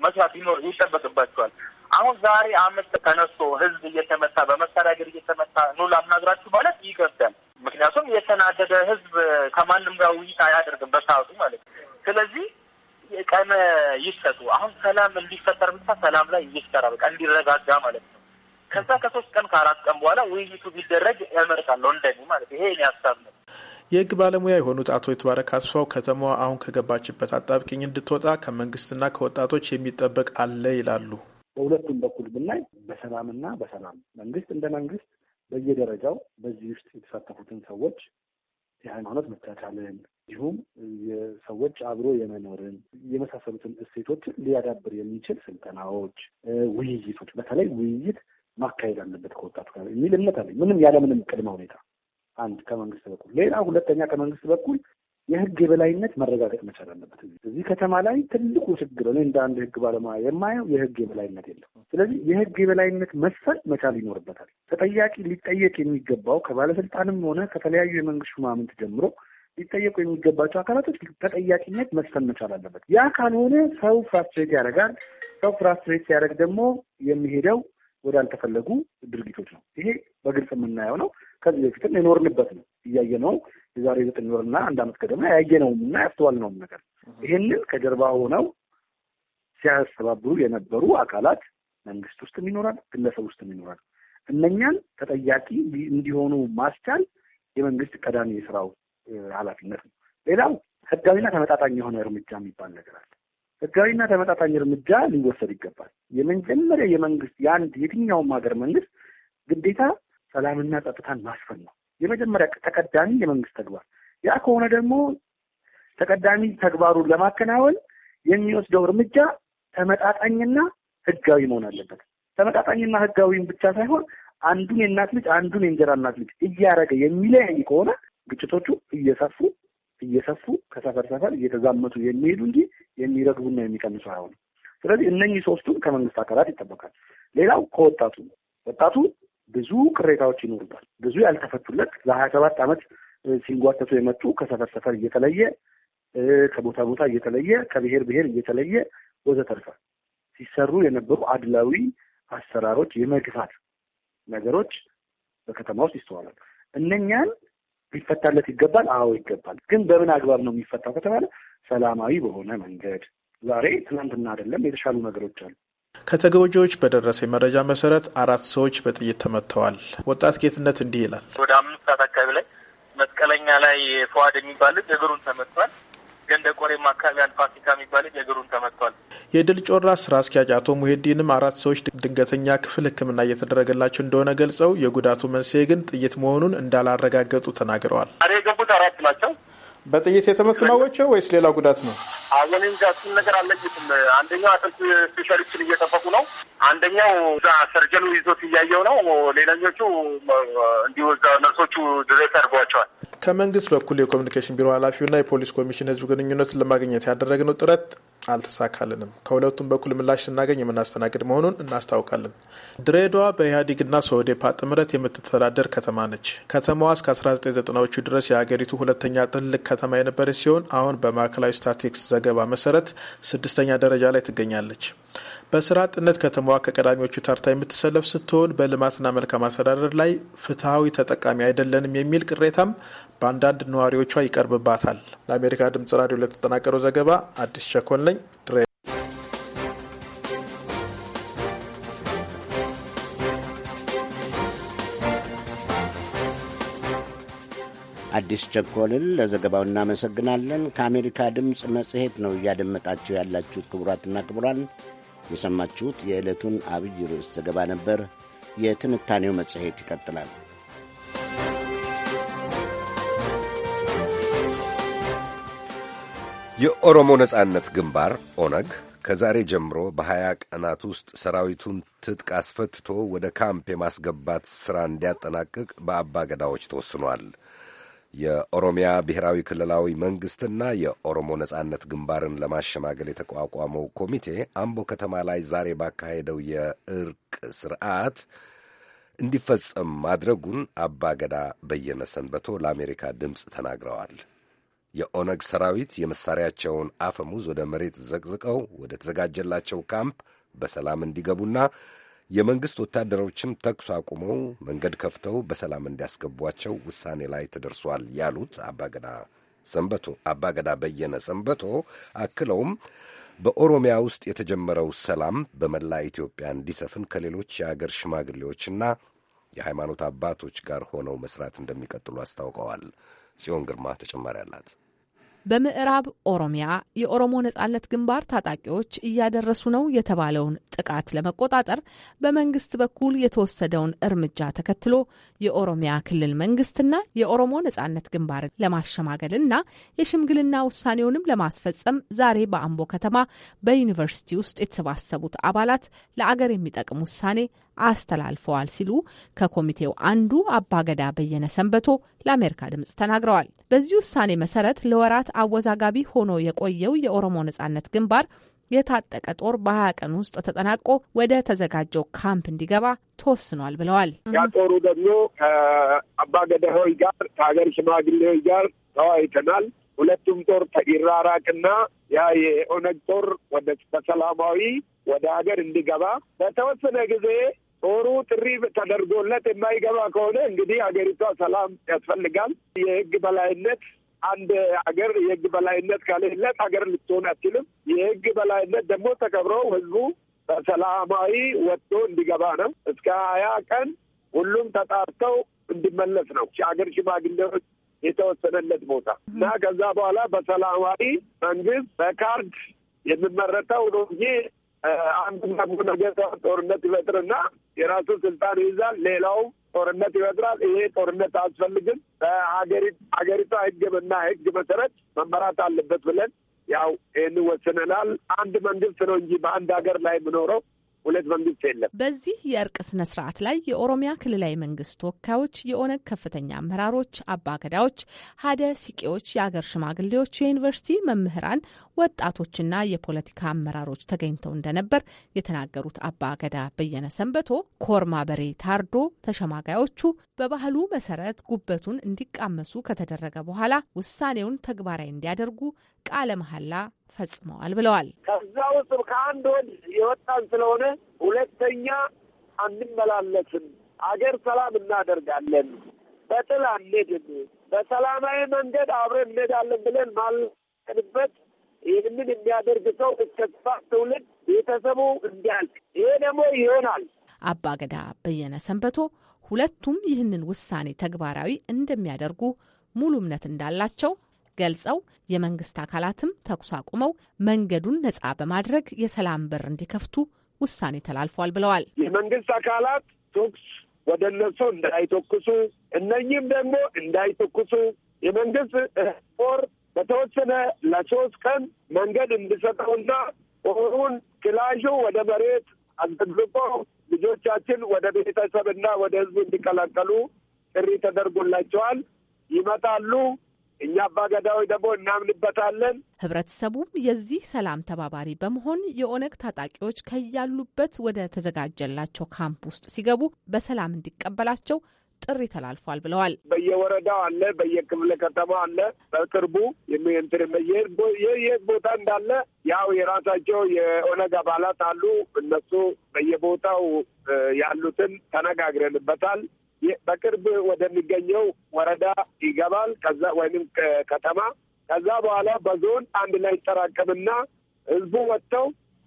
መስራት ይኖር ይጠበቅባቸዋል። አሁን ዛሬ አመት ተነስቶ ህዝብ እየተመታ በመሳሪያ ገር እየተመታ ኑ ላናግራችሁ ማለት ይከብዳል። ምክንያቱም የተናደደ ህዝብ ከማንም ጋር ውይይት አያደርግም በሰዓቱ ማለት ስለዚህ ቀን ይሰጡ። አሁን ሰላም እንዲፈጠር ብቻ ሰላም ላይ እየሰራ በቃ እንዲረጋጋ ማለት ነው። ከዛ ከሶ በኋላ ውይይቱ ቢደረግ ያመርጣለሁ እንደኔ ማለት ይሄ እኔ ሀሳብ ነው። የህግ ባለሙያ የሆኑት አቶ የተባረክ አስፋው ከተማዋ አሁን ከገባችበት አጣብቂኝ እንድትወጣ ከመንግስትና ከወጣቶች የሚጠበቅ አለ ይላሉ። በሁለቱም በኩል ብናይ በሰላምና በሰላም መንግስት እንደ መንግስት በየደረጃው በዚህ ውስጥ የተሳተፉትን ሰዎች የሃይማኖት መቻቻልን እንዲሁም የሰዎች አብሮ የመኖርን የመሳሰሉትን እሴቶችን ሊያዳብር የሚችል ስልጠናዎች፣ ውይይቶች በተለይ ውይይት ማካሄድ አለበት ከወጣቱ ጋር የሚል እምነት አለኝ። ምንም ያለምንም ቅድመ ሁኔታ አንድ ከመንግስት በኩል ሌላ፣ ሁለተኛ ከመንግስት በኩል የህግ የበላይነት መረጋገጥ መቻል አለበት። እዚህ ከተማ ላይ ትልቁ ችግር እኔ እንደ አንድ ህግ ባለሙያ የማየው የህግ የበላይነት የለም። ስለዚህ የህግ የበላይነት መሰል መቻል ይኖርበታል። ተጠያቂ ሊጠየቅ የሚገባው ከባለስልጣንም ሆነ ከተለያዩ የመንግስት ሹማምንት ጀምሮ ሊጠየቁ የሚገባቸው አካላቶች ተጠያቂነት መስፈን መቻል አለበት። ያ ካልሆነ ሰው ፍራስትሬት ያደርጋል። ሰው ፍራስትሬት ሲያደርግ ደግሞ የሚሄደው ወዳልተፈለጉ ድርጊቶች ነው። ይሄ በግልጽ የምናየው ነው። ከዚህ በፊትም የኖርንበት ነው እያየነው የዛሬ ዘጠኝ ወርና አንድ አመት ቀደም ያየነውም እና ያስተዋልነውም ነገር ይህንን ከጀርባ ሆነው ሲያስተባብሩ የነበሩ አካላት መንግስት ውስጥም ይኖራል፣ ግለሰብ ውስጥም ይኖራል። እነኛን ተጠያቂ እንዲሆኑ ማስቻል የመንግስት ቀዳሚ የስራው ኃላፊነት ነው። ሌላው ህጋዊና ተመጣጣኝ የሆነ እርምጃ የሚባል ነገር አለ። ህጋዊና ተመጣጣኝ እርምጃ ሊወሰድ ይገባል። የመጀመሪያ የመንግስት የአንድ የትኛውም ሀገር መንግስት ግዴታ ሰላምና ጸጥታን ማስፈን ነው የመጀመሪያ ተቀዳሚ የመንግስት ተግባር። ያ ከሆነ ደግሞ ተቀዳሚ ተግባሩን ለማከናወን የሚወስደው እርምጃ ተመጣጣኝና ህጋዊ መሆን አለበት። ተመጣጣኝና ህጋዊም ብቻ ሳይሆን አንዱን የእናት ልጅ አንዱን የእንጀራ እናት ልጅ እያረገ የሚለያይ ከሆነ ግጭቶቹ እየሰፉ እየሰፉ ከሰፈር ሰፈር እየተዛመቱ የሚሄዱ እንጂ የሚረግቡና የሚቀንሱ አይሆኑ። ስለዚህ እነኚህ ሶስቱም ከመንግስት አካላት ይጠበቃል። ሌላው ከወጣቱ ወጣቱ ብዙ ቅሬታዎች ይኖሩበት ብዙ ያልተፈቱለት ለሀያ ሰባት ዓመት ሲንጓተቱ የመጡ ከሰፈር ሰፈር እየተለየ ከቦታ ቦታ እየተለየ ከብሔር ብሔር እየተለየ ወዘተርፈ ሲሰሩ የነበሩ አድላዊ አሰራሮች የመግፋት ነገሮች በከተማ ውስጥ ይስተዋላል። እነኛን ሊፈታለት ይገባል። አዎ ይገባል። ግን በምን አግባብ ነው የሚፈታው ከተባለ ሰላማዊ በሆነ መንገድ ዛሬ ትናንትና አይደለም። የተሻሉ ነገሮች አሉ። ከተጎጂዎች በደረሰ መረጃ መሰረት አራት ሰዎች በጥይት ተመትተዋል። ወጣት ጌትነት እንዲህ ይላል። ወደ አምስት ሰዓት አካባቢ ላይ መስቀለኛ ላይ ፈዋድ የሚባል እግሩን ተመትቷል። ቆሬም አካባቢ አንድ ፋሲካ የሚባል ልጅ እግሩን ተመቷል። የድል ጮራ ስራ አስኪያጅ አቶ ሙሄዲንም አራት ሰዎች ድንገተኛ ክፍል ሕክምና እየተደረገላቸው እንደሆነ ገልጸው የጉዳቱ መንስኤ ግን ጥይት መሆኑን እንዳላረጋገጡ ተናግረዋል። ዛሬ የገቡት አራት ናቸው። በጥይት የተመቱ ናቸው ወይስ ሌላ ጉዳት ነው? አሁን እንጃ እሱን ነገር አለኝትም። አንደኛው አጥንት ስፔሻሊስትን እየጠበቁ ነው። አንደኛው እዛ ሰርጀኑ ይዞት እያየው ነው። ሌላኞቹ እንዲሁ እዛ ነርሶቹ ድሬስ አድርጓቸዋል። ከመንግስት በኩል የኮሚኒኬሽን ቢሮ ኃላፊውና የፖሊስ ኮሚሽን ህዝብ ግንኙነት ለማግኘት ያደረግነው ጥረት አልተሳካልንም። ከሁለቱም በኩል ምላሽ ስናገኝ የምናስተናግድ መሆኑን እናስታውቃለን። ድሬዳዋ በኢህአዴግና ሶዴፓ ጥምረት የምትተዳደር ከተማ ነች። ከተማዋ እስከ 1990ዎቹ ድረስ የሀገሪቱ ሁለተኛ ትልቅ ከተማ የነበረች ሲሆን አሁን በማዕከላዊ ስታቲክስ ዘገባ መሰረት ስድስተኛ ደረጃ ላይ ትገኛለች። በስራ አጥነት ከተማዋ ከቀዳሚዎቹ ተርታ የምትሰለፍ ስትሆን በልማትና መልካም አስተዳደር ላይ ፍትሐዊ ተጠቃሚ አይደለንም የሚል ቅሬታም በአንዳንድ ነዋሪዎቿ ይቀርብባታል። ለአሜሪካ ድምጽ ራዲዮ ለተጠናቀረው ዘገባ አዲስ ቸኮል ነኝ አዲስ ቸኮልን ለዘገባው እናመሰግናለን። ከአሜሪካ ድምፅ መጽሔት ነው እያደመጣችሁ ያላችሁት። ክቡራትና ክቡራን የሰማችሁት የዕለቱን አብይ ርዕስ ዘገባ ነበር። የትንታኔው መጽሔት ይቀጥላል። የኦሮሞ ነጻነት ግንባር ኦነግ ከዛሬ ጀምሮ በሀያ ቀናት ውስጥ ሰራዊቱን ትጥቅ አስፈትቶ ወደ ካምፕ የማስገባት ሥራ እንዲያጠናቅቅ በአባ ገዳዎች ተወስኗል። የኦሮሚያ ብሔራዊ ክልላዊ መንግሥትና የኦሮሞ ነጻነት ግንባርን ለማሸማገል የተቋቋመው ኮሚቴ አምቦ ከተማ ላይ ዛሬ ባካሄደው የእርቅ ስርዓት እንዲፈጸም ማድረጉን አባ ገዳ በየነ ሰንበቶ ለአሜሪካ ድምፅ ተናግረዋል። የኦነግ ሰራዊት የመሳሪያቸውን አፈሙዝ ወደ መሬት ዘቅዝቀው ወደ ተዘጋጀላቸው ካምፕ በሰላም እንዲገቡና የመንግሥት ወታደሮችም ተኩስ አቁመው መንገድ ከፍተው በሰላም እንዲያስገቧቸው ውሳኔ ላይ ተደርሷል ያሉት አባገዳ ሰንበቶ አባገዳ በየነ ሰንበቶ አክለውም በኦሮሚያ ውስጥ የተጀመረው ሰላም በመላ ኢትዮጵያ እንዲሰፍን ከሌሎች የአገር ሽማግሌዎችና የሃይማኖት አባቶች ጋር ሆነው መስራት እንደሚቀጥሉ አስታውቀዋል። ጽዮን ግርማ ተጨማሪ አላት። በምዕራብ ኦሮሚያ የኦሮሞ ነጻነት ግንባር ታጣቂዎች እያደረሱ ነው የተባለውን ጥቃት ለመቆጣጠር በመንግስት በኩል የተወሰደውን እርምጃ ተከትሎ የኦሮሚያ ክልል መንግስትና የኦሮሞ ነጻነት ግንባር ለማሸማገል የሽምግልና ውሳኔውንም ለማስፈጸም ዛሬ በአምቦ ከተማ በዩኒቨርሲቲ ውስጥ የተሰባሰቡት አባላት ለአገር የሚጠቅም ውሳኔ አስተላልፈዋል ሲሉ ከኮሚቴው አንዱ አባገዳ በየነ ሰንበቶ ለአሜሪካ ድምጽ ተናግረዋል። በዚህ ውሳኔ መሰረት ለወራት አወዛጋቢ ሆኖ የቆየው የኦሮሞ ነጻነት ግንባር የታጠቀ ጦር በሀያ ቀን ውስጥ ተጠናቆ ወደ ተዘጋጀው ካምፕ እንዲገባ ተወስኗል ብለዋል። ያ ጦሩ ደግሞ ከአባገዳሆይ ጋር ከሀገር ሽማግሌዎች ጋር ተወያይተናል። ሁለቱም ጦር ይራራቅና ያ የኦነግ ጦር ወደ በሰላማዊ ወደ ሀገር እንዲገባ በተወሰነ ጊዜ ጦሩ ጥሪ ተደርጎለት የማይገባ ከሆነ እንግዲህ ሀገሪቷ ሰላም ያስፈልጋል። የህግ በላይነት አንድ ሀገር የህግ በላይነት ከሌለት ሀገር ልትሆን አትችልም። የህግ በላይነት ደግሞ ተከብሮ ህዝቡ በሰላማዊ ወጥቶ እንዲገባ ነው። እስከ ሀያ ቀን ሁሉም ተጣርተው እንዲመለስ ነው ሀገር ሽማግሌዎች የተወሰነለት ቦታ እና ከዛ በኋላ በሰላማዊ መንግስት በካርድ የሚመረጠው ነው እንጂ አንድና ነገር ጦርነት ይፈጥርና የራሱ ስልጣን ይይዛል። ሌላውም ጦርነት ይፈጥራል። ይሄ ጦርነት አያስፈልግም። ሀገሪቷ ህግና ህግ መሰረት መመራት አለበት ብለን ያው ይህን ወስነናል። አንድ መንግስት ነው እንጂ በአንድ ሀገር ላይ የምኖረው ሁለት መንግስት የለም። በዚህ የእርቅ ስነ ስርዓት ላይ የኦሮሚያ ክልላዊ መንግስት ተወካዮች፣ የኦነግ ከፍተኛ አመራሮች፣ አባገዳዎች፣ ሀደ ሲቄዎች፣ የአገር ሽማግሌዎች፣ የዩኒቨርሲቲ መምህራን፣ ወጣቶችና የፖለቲካ አመራሮች ተገኝተው እንደነበር የተናገሩት አባ ገዳ በየነ ሰንበቶ ኮርማ በሬ ታርዶ ተሸማጋዮቹ በባህሉ መሰረት ጉበቱን እንዲቃመሱ ከተደረገ በኋላ ውሳኔውን ተግባራዊ እንዲያደርጉ ቃለ መሐላ ፈጽመዋል ብለዋል። ከዛ ውስጥ ከአንድ ወድ የወጣን ስለሆነ ሁለተኛ አንመላለስም፣ አገር ሰላም እናደርጋለን፣ በጥል አንሄድም፣ በሰላማዊ መንገድ አብረን እንሄዳለን ብለን ማለንበት ይህንን የሚያደርግ ሰው እስከ ስፋት ትውልድ ቤተሰቡ እንዲያልቅ ይሄ ደግሞ ይሆናል። አባገዳ በየነ ሰንበቶ ሁለቱም ይህንን ውሳኔ ተግባራዊ እንደሚያደርጉ ሙሉ እምነት እንዳላቸው ገልጸው የመንግስት አካላትም ተኩስ አቁመው መንገዱን ነጻ በማድረግ የሰላም በር እንዲከፍቱ ውሳኔ ተላልፏል ብለዋል። የመንግስት አካላት ተኩስ ወደ እነሱ እንዳይተኩሱ እነኚህም ደግሞ እንዳይተኩሱ የመንግስት ጦር በተወሰነ ለሶስት ቀን መንገድ እንድሰጠውና ኦሩን ክላሹ ወደ መሬት አስደግፎ ልጆቻችን ወደ ቤተሰብና ወደ ህዝብ እንዲቀላቀሉ ጥሪ ተደርጎላቸዋል። ይመጣሉ። እኛ አባገዳዎች ደግሞ እናምንበታለን። ህብረተሰቡም የዚህ ሰላም ተባባሪ በመሆን የኦነግ ታጣቂዎች ከያሉበት ወደ ተዘጋጀላቸው ካምፕ ውስጥ ሲገቡ በሰላም እንዲቀበላቸው ጥሪ ተላልፏል ብለዋል። በየወረዳው አለ፣ በየክፍለ ከተማ አለ። በቅርቡ የሚንትር የት ቦታ እንዳለ ያው የራሳቸው የኦነግ አባላት አሉ። እነሱ በየቦታው ያሉትን ተነጋግረንበታል። በቅርብ ወደሚገኘው ወረዳ ይገባል፣ ከዛ ወይም ከተማ። ከዛ በኋላ በዞን አንድ ላይ ይጠራቀምና ህዝቡ ወጥተው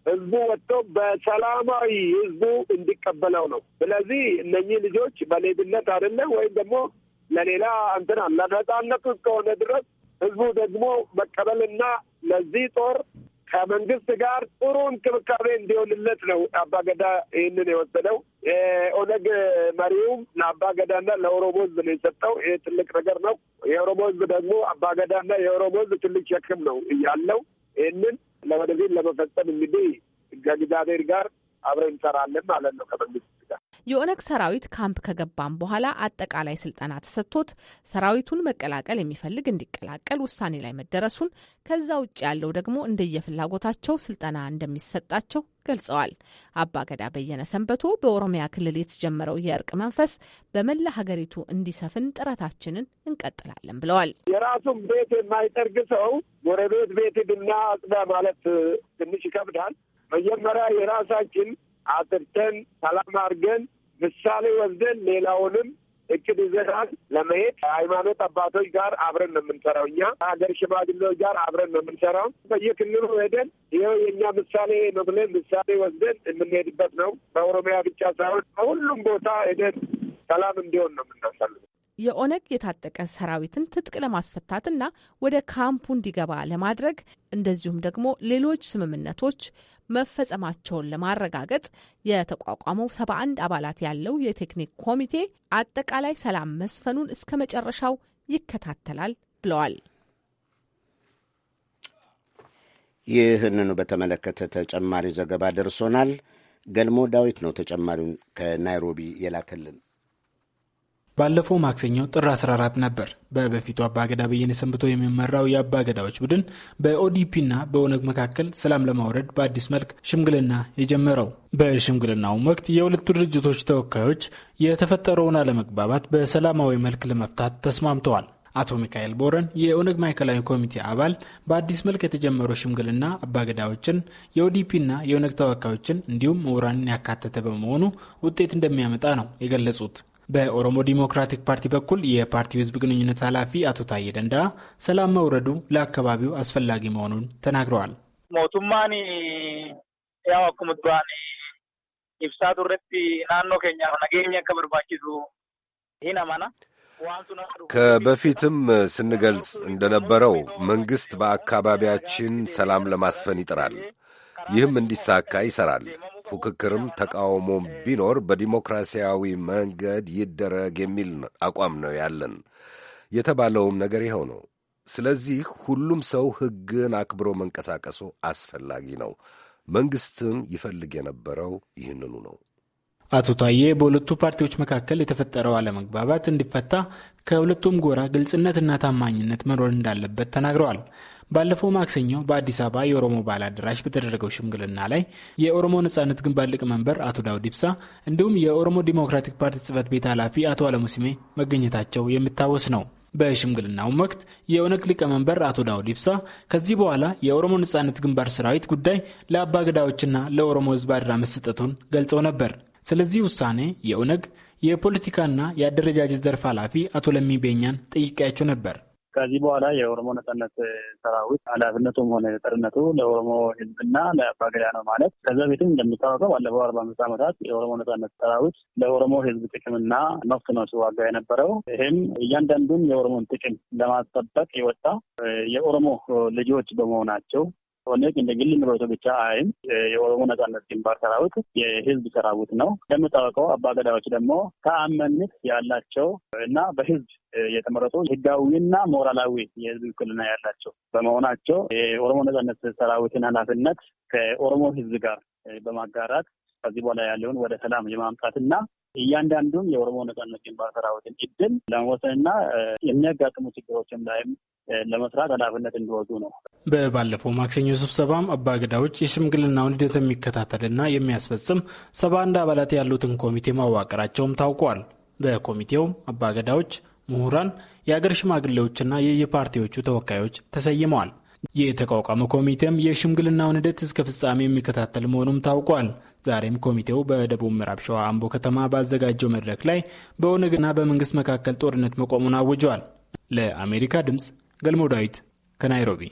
ህዝቡ ወጥቶ በሰላማዊ ህዝቡ እንዲቀበለው ነው። ስለዚህ እነኚህ ልጆች በሌብነት አይደለ ወይም ደግሞ ለሌላ እንትና ለነጻነቱ እስከሆነ ድረስ ህዝቡ ደግሞ መቀበልና ለዚህ ጦር ከመንግስት ጋር ጥሩ እንክብካቤ እንዲሆንለት ነው አባገዳ ይህንን የወሰደው። የኦነግ መሪውም ለአባገዳና ለኦሮሞ ህዝብ ነው የሰጠው። ይህ ትልቅ ነገር ነው። የኦሮሞ ህዝብ ደግሞ አባገዳና የኦሮሞ ህዝብ ትልቅ ሸክም ነው ያለው። ይህንን ለወደፊት ለመፈጸም እንግዲህ ከእግዚአብሔር ጋር አብረን እንሰራለን ማለት ነው ከመንግስት ጋር የኦነግ ሰራዊት ካምፕ ከገባም በኋላ አጠቃላይ ስልጠና ተሰጥቶት ሰራዊቱን መቀላቀል የሚፈልግ እንዲቀላቀል ውሳኔ ላይ መደረሱን፣ ከዛ ውጭ ያለው ደግሞ እንደየፍላጎታቸው ስልጠና እንደሚሰጣቸው ገልጸዋል። አባገዳ በየነ ሰንበቶ በኦሮሚያ ክልል የተጀመረው የእርቅ መንፈስ በመላ ሀገሪቱ እንዲሰፍን ጥረታችንን እንቀጥላለን ብለዋል። የራሱን ቤት የማይጠርግ ሰው ጎረቤት ቤት ብና አጽዳ ማለት ትንሽ ይከብዳል። መጀመሪያ የራሳችን አጥርተን ሰላም አድርገን ምሳሌ ወስደን ሌላውንም እቅድ ይዘናል ለመሄድ ሃይማኖት አባቶች ጋር አብረን ነው የምንሰራው። እኛ ሀገር ሽማግሌዎች ጋር አብረን ነው የምንሰራው። በየክልሉ ሄደን ይኸው የእኛ ምሳሌ ነው ብለን ምሳሌ ወስደን የምንሄድበት ነው። በኦሮሚያ ብቻ ሳይሆን በሁሉም ቦታ ሄደን ሰላም እንዲሆን ነው የምናሳልፈው። የኦነግ የታጠቀ ሰራዊትን ትጥቅ ለማስፈታትና ወደ ካምፑ እንዲገባ ለማድረግ እንደዚሁም ደግሞ ሌሎች ስምምነቶች መፈጸማቸውን ለማረጋገጥ የተቋቋመው ሰባ አንድ አባላት ያለው የቴክኒክ ኮሚቴ አጠቃላይ ሰላም መስፈኑን እስከ መጨረሻው ይከታተላል ብለዋል። ይህንኑ በተመለከተ ተጨማሪ ዘገባ ደርሶናል። ገልሞ ዳዊት ነው ተጨማሪውን ከናይሮቢ የላከልን። ባለፈው ማክሰኞ ጥር 14 ነበር በበፊቱ አባገዳ በየነ ሰንብቶ የሚመራው የአባገዳዎች ቡድን በኦዲፒና በኦነግ መካከል ሰላም ለማውረድ በአዲስ መልክ ሽምግልና የጀመረው። በሽምግልናውም ወቅት የሁለቱ ድርጅቶች ተወካዮች የተፈጠረውን አለመግባባት በሰላማዊ መልክ ለመፍታት ተስማምተዋል። አቶ ሚካኤል ቦረን የኦነግ ማዕከላዊ ኮሚቴ አባል በአዲስ መልክ የተጀመረው ሽምግልና አባገዳዎችን፣ የኦዲፒና የኦነግ ተወካዮችን እንዲሁም ምሁራንን ያካተተ በመሆኑ ውጤት እንደሚያመጣ ነው የገለጹት። በኦሮሞ ዲሞክራቲክ ፓርቲ በኩል የፓርቲው ህዝብ ግንኙነት ኃላፊ አቶ ታዬ ደንዳ ሰላም መውረዱ ለአካባቢው አስፈላጊ መሆኑን ተናግረዋል። ሞቱማኒ ያው አኩሙ ኢብሳ ዱረቲ ናኖ ኬኛ ነገኛ ከበርባችሱ ሂናማና ከበፊትም ስንገልጽ እንደነበረው መንግሥት በአካባቢያችን ሰላም ለማስፈን ይጥራል። ይህም እንዲሳካ ይሠራል። ፉክክርም ተቃውሞም ቢኖር በዲሞክራሲያዊ መንገድ ይደረግ የሚል አቋም ነው ያለን። የተባለውም ነገር ይኸው ነው። ስለዚህ ሁሉም ሰው ሕግን አክብሮ መንቀሳቀሱ አስፈላጊ ነው። መንግሥትም ይፈልግ የነበረው ይህንኑ ነው። አቶ ታዬ በሁለቱ ፓርቲዎች መካከል የተፈጠረው አለመግባባት እንዲፈታ ከሁለቱም ጎራ ግልጽነትና ታማኝነት መኖር እንዳለበት ተናግረዋል። ባለፈው ማክሰኞ በአዲስ አበባ የኦሮሞ ባህል አዳራሽ በተደረገው ሽምግልና ላይ የኦሮሞ ነጻነት ግንባር ሊቀመንበር አቶ ዳውድ ኢብሳ እንዲሁም የኦሮሞ ዲሞክራቲክ ፓርቲ ጽህፈት ቤት ኃላፊ አቶ አለሙስሜ መገኘታቸው የሚታወስ ነው። በሽምግልናውም ወቅት የኦነግ ሊቀመንበር አቶ ዳውድ ኢብሳ ከዚህ በኋላ የኦሮሞ ነጻነት ግንባር ሰራዊት ጉዳይ ለአባገዳዎችና ለኦሮሞ ህዝብ አደራ መሰጠቱን ገልጸው ነበር። ስለዚህ ውሳኔ የኦነግ የፖለቲካና የአደረጃጀት ዘርፍ ኃላፊ አቶ ለሚ ቤኛን ጠይቄያቸው ነበር። ከዚህ በኋላ የኦሮሞ ነጻነት ሰራዊት ኃላፊነቱም ሆነ ጥርነቱ ለኦሮሞ ህዝብና ለአባገዳ ነው ማለት ከዛ ቤትም እንደሚታወቀው ባለፈው አርባ አምስት ዓመታት የኦሮሞ ነጻነት ሰራዊት ለኦሮሞ ህዝብ ጥቅምና መብት ነው ሲዋጋ የነበረው። ይህም እያንዳንዱን የኦሮሞን ጥቅም ለማስጠበቅ የወጣ የኦሮሞ ልጆች በመሆናቸው ኦነግ እንደ ግል ንብረቱ ብቻ አይም የኦሮሞ ነጻነት ግንባር ሰራዊት የህዝብ ሰራዊት ነው። እንደምታወቀው አባገዳዎች ደግሞ ተአማኒነት ያላቸው እና በህዝብ የተመረጡ ህጋዊና ሞራላዊ የህዝብ ውክልና ያላቸው በመሆናቸው የኦሮሞ ነጻነት ሰራዊትን ኃላፊነት ከኦሮሞ ህዝብ ጋር በማጋራት ከዚህ በኋላ ያለውን ወደ ሰላም የማምጣትና እያንዳንዱም የኦሮሞ ነጻነት ግንባር ሰራዊትን እድል ለመወሰንና የሚያጋጥሙ ችግሮችም ላይም ለመስራት ኃላፊነት እንዲወጡ ነው። በባለፈው ማክሰኞ ስብሰባም አባገዳዎች የሽምግልናውን ሂደት የሚከታተልና የሚያስፈጽም ሰባ አንድ አባላት ያሉትን ኮሚቴ ማዋቀራቸውም ታውቋል። በኮሚቴውም አባገዳዎች ምሁራን፣ የአገር ሽማግሌዎችና የየፓርቲዎቹ ተወካዮች ተሰይመዋል። የተቋቋመ ኮሚቴም የሽምግልናውን ሂደት እስከ ፍጻሜ የሚከታተል መሆኑም ታውቋል። ዛሬም ኮሚቴው በደቡብ ምዕራብ ሸዋ አምቦ ከተማ ባዘጋጀው መድረክ ላይ በኦነግና በመንግስት መካከል ጦርነት መቆሙን አውጇል። ለአሜሪካ ድምፅ ገልሞ ዳዊት ከናይሮቢ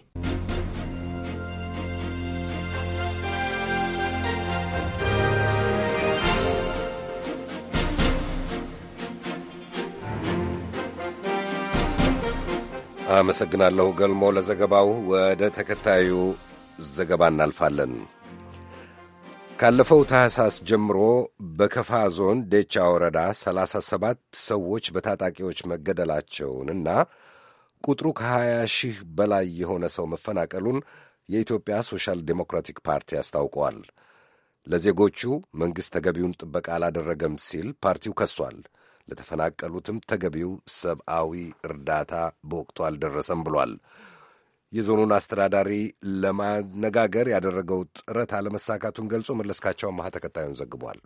አመሰግናለሁ ገልሞ ለዘገባው። ወደ ተከታዩ ዘገባ እናልፋለን። ካለፈው ታህሳስ ጀምሮ በከፋ ዞን ዴቻ ወረዳ 37 ሰዎች በታጣቂዎች መገደላቸውንና ቁጥሩ ከ20 ሺህ በላይ የሆነ ሰው መፈናቀሉን የኢትዮጵያ ሶሻል ዴሞክራቲክ ፓርቲ አስታውቀዋል። ለዜጎቹ መንግሥት ተገቢውን ጥበቃ አላደረገም ሲል ፓርቲው ከሷል። ለተፈናቀሉትም ተገቢው ሰብአዊ እርዳታ በወቅቱ አልደረሰም ብሏል። የዞኑን አስተዳዳሪ ለማነጋገር ያደረገው ጥረት አለመሳካቱን ገልጾ መለስካቸው አማሃ ተከታዩን ዘግቧል።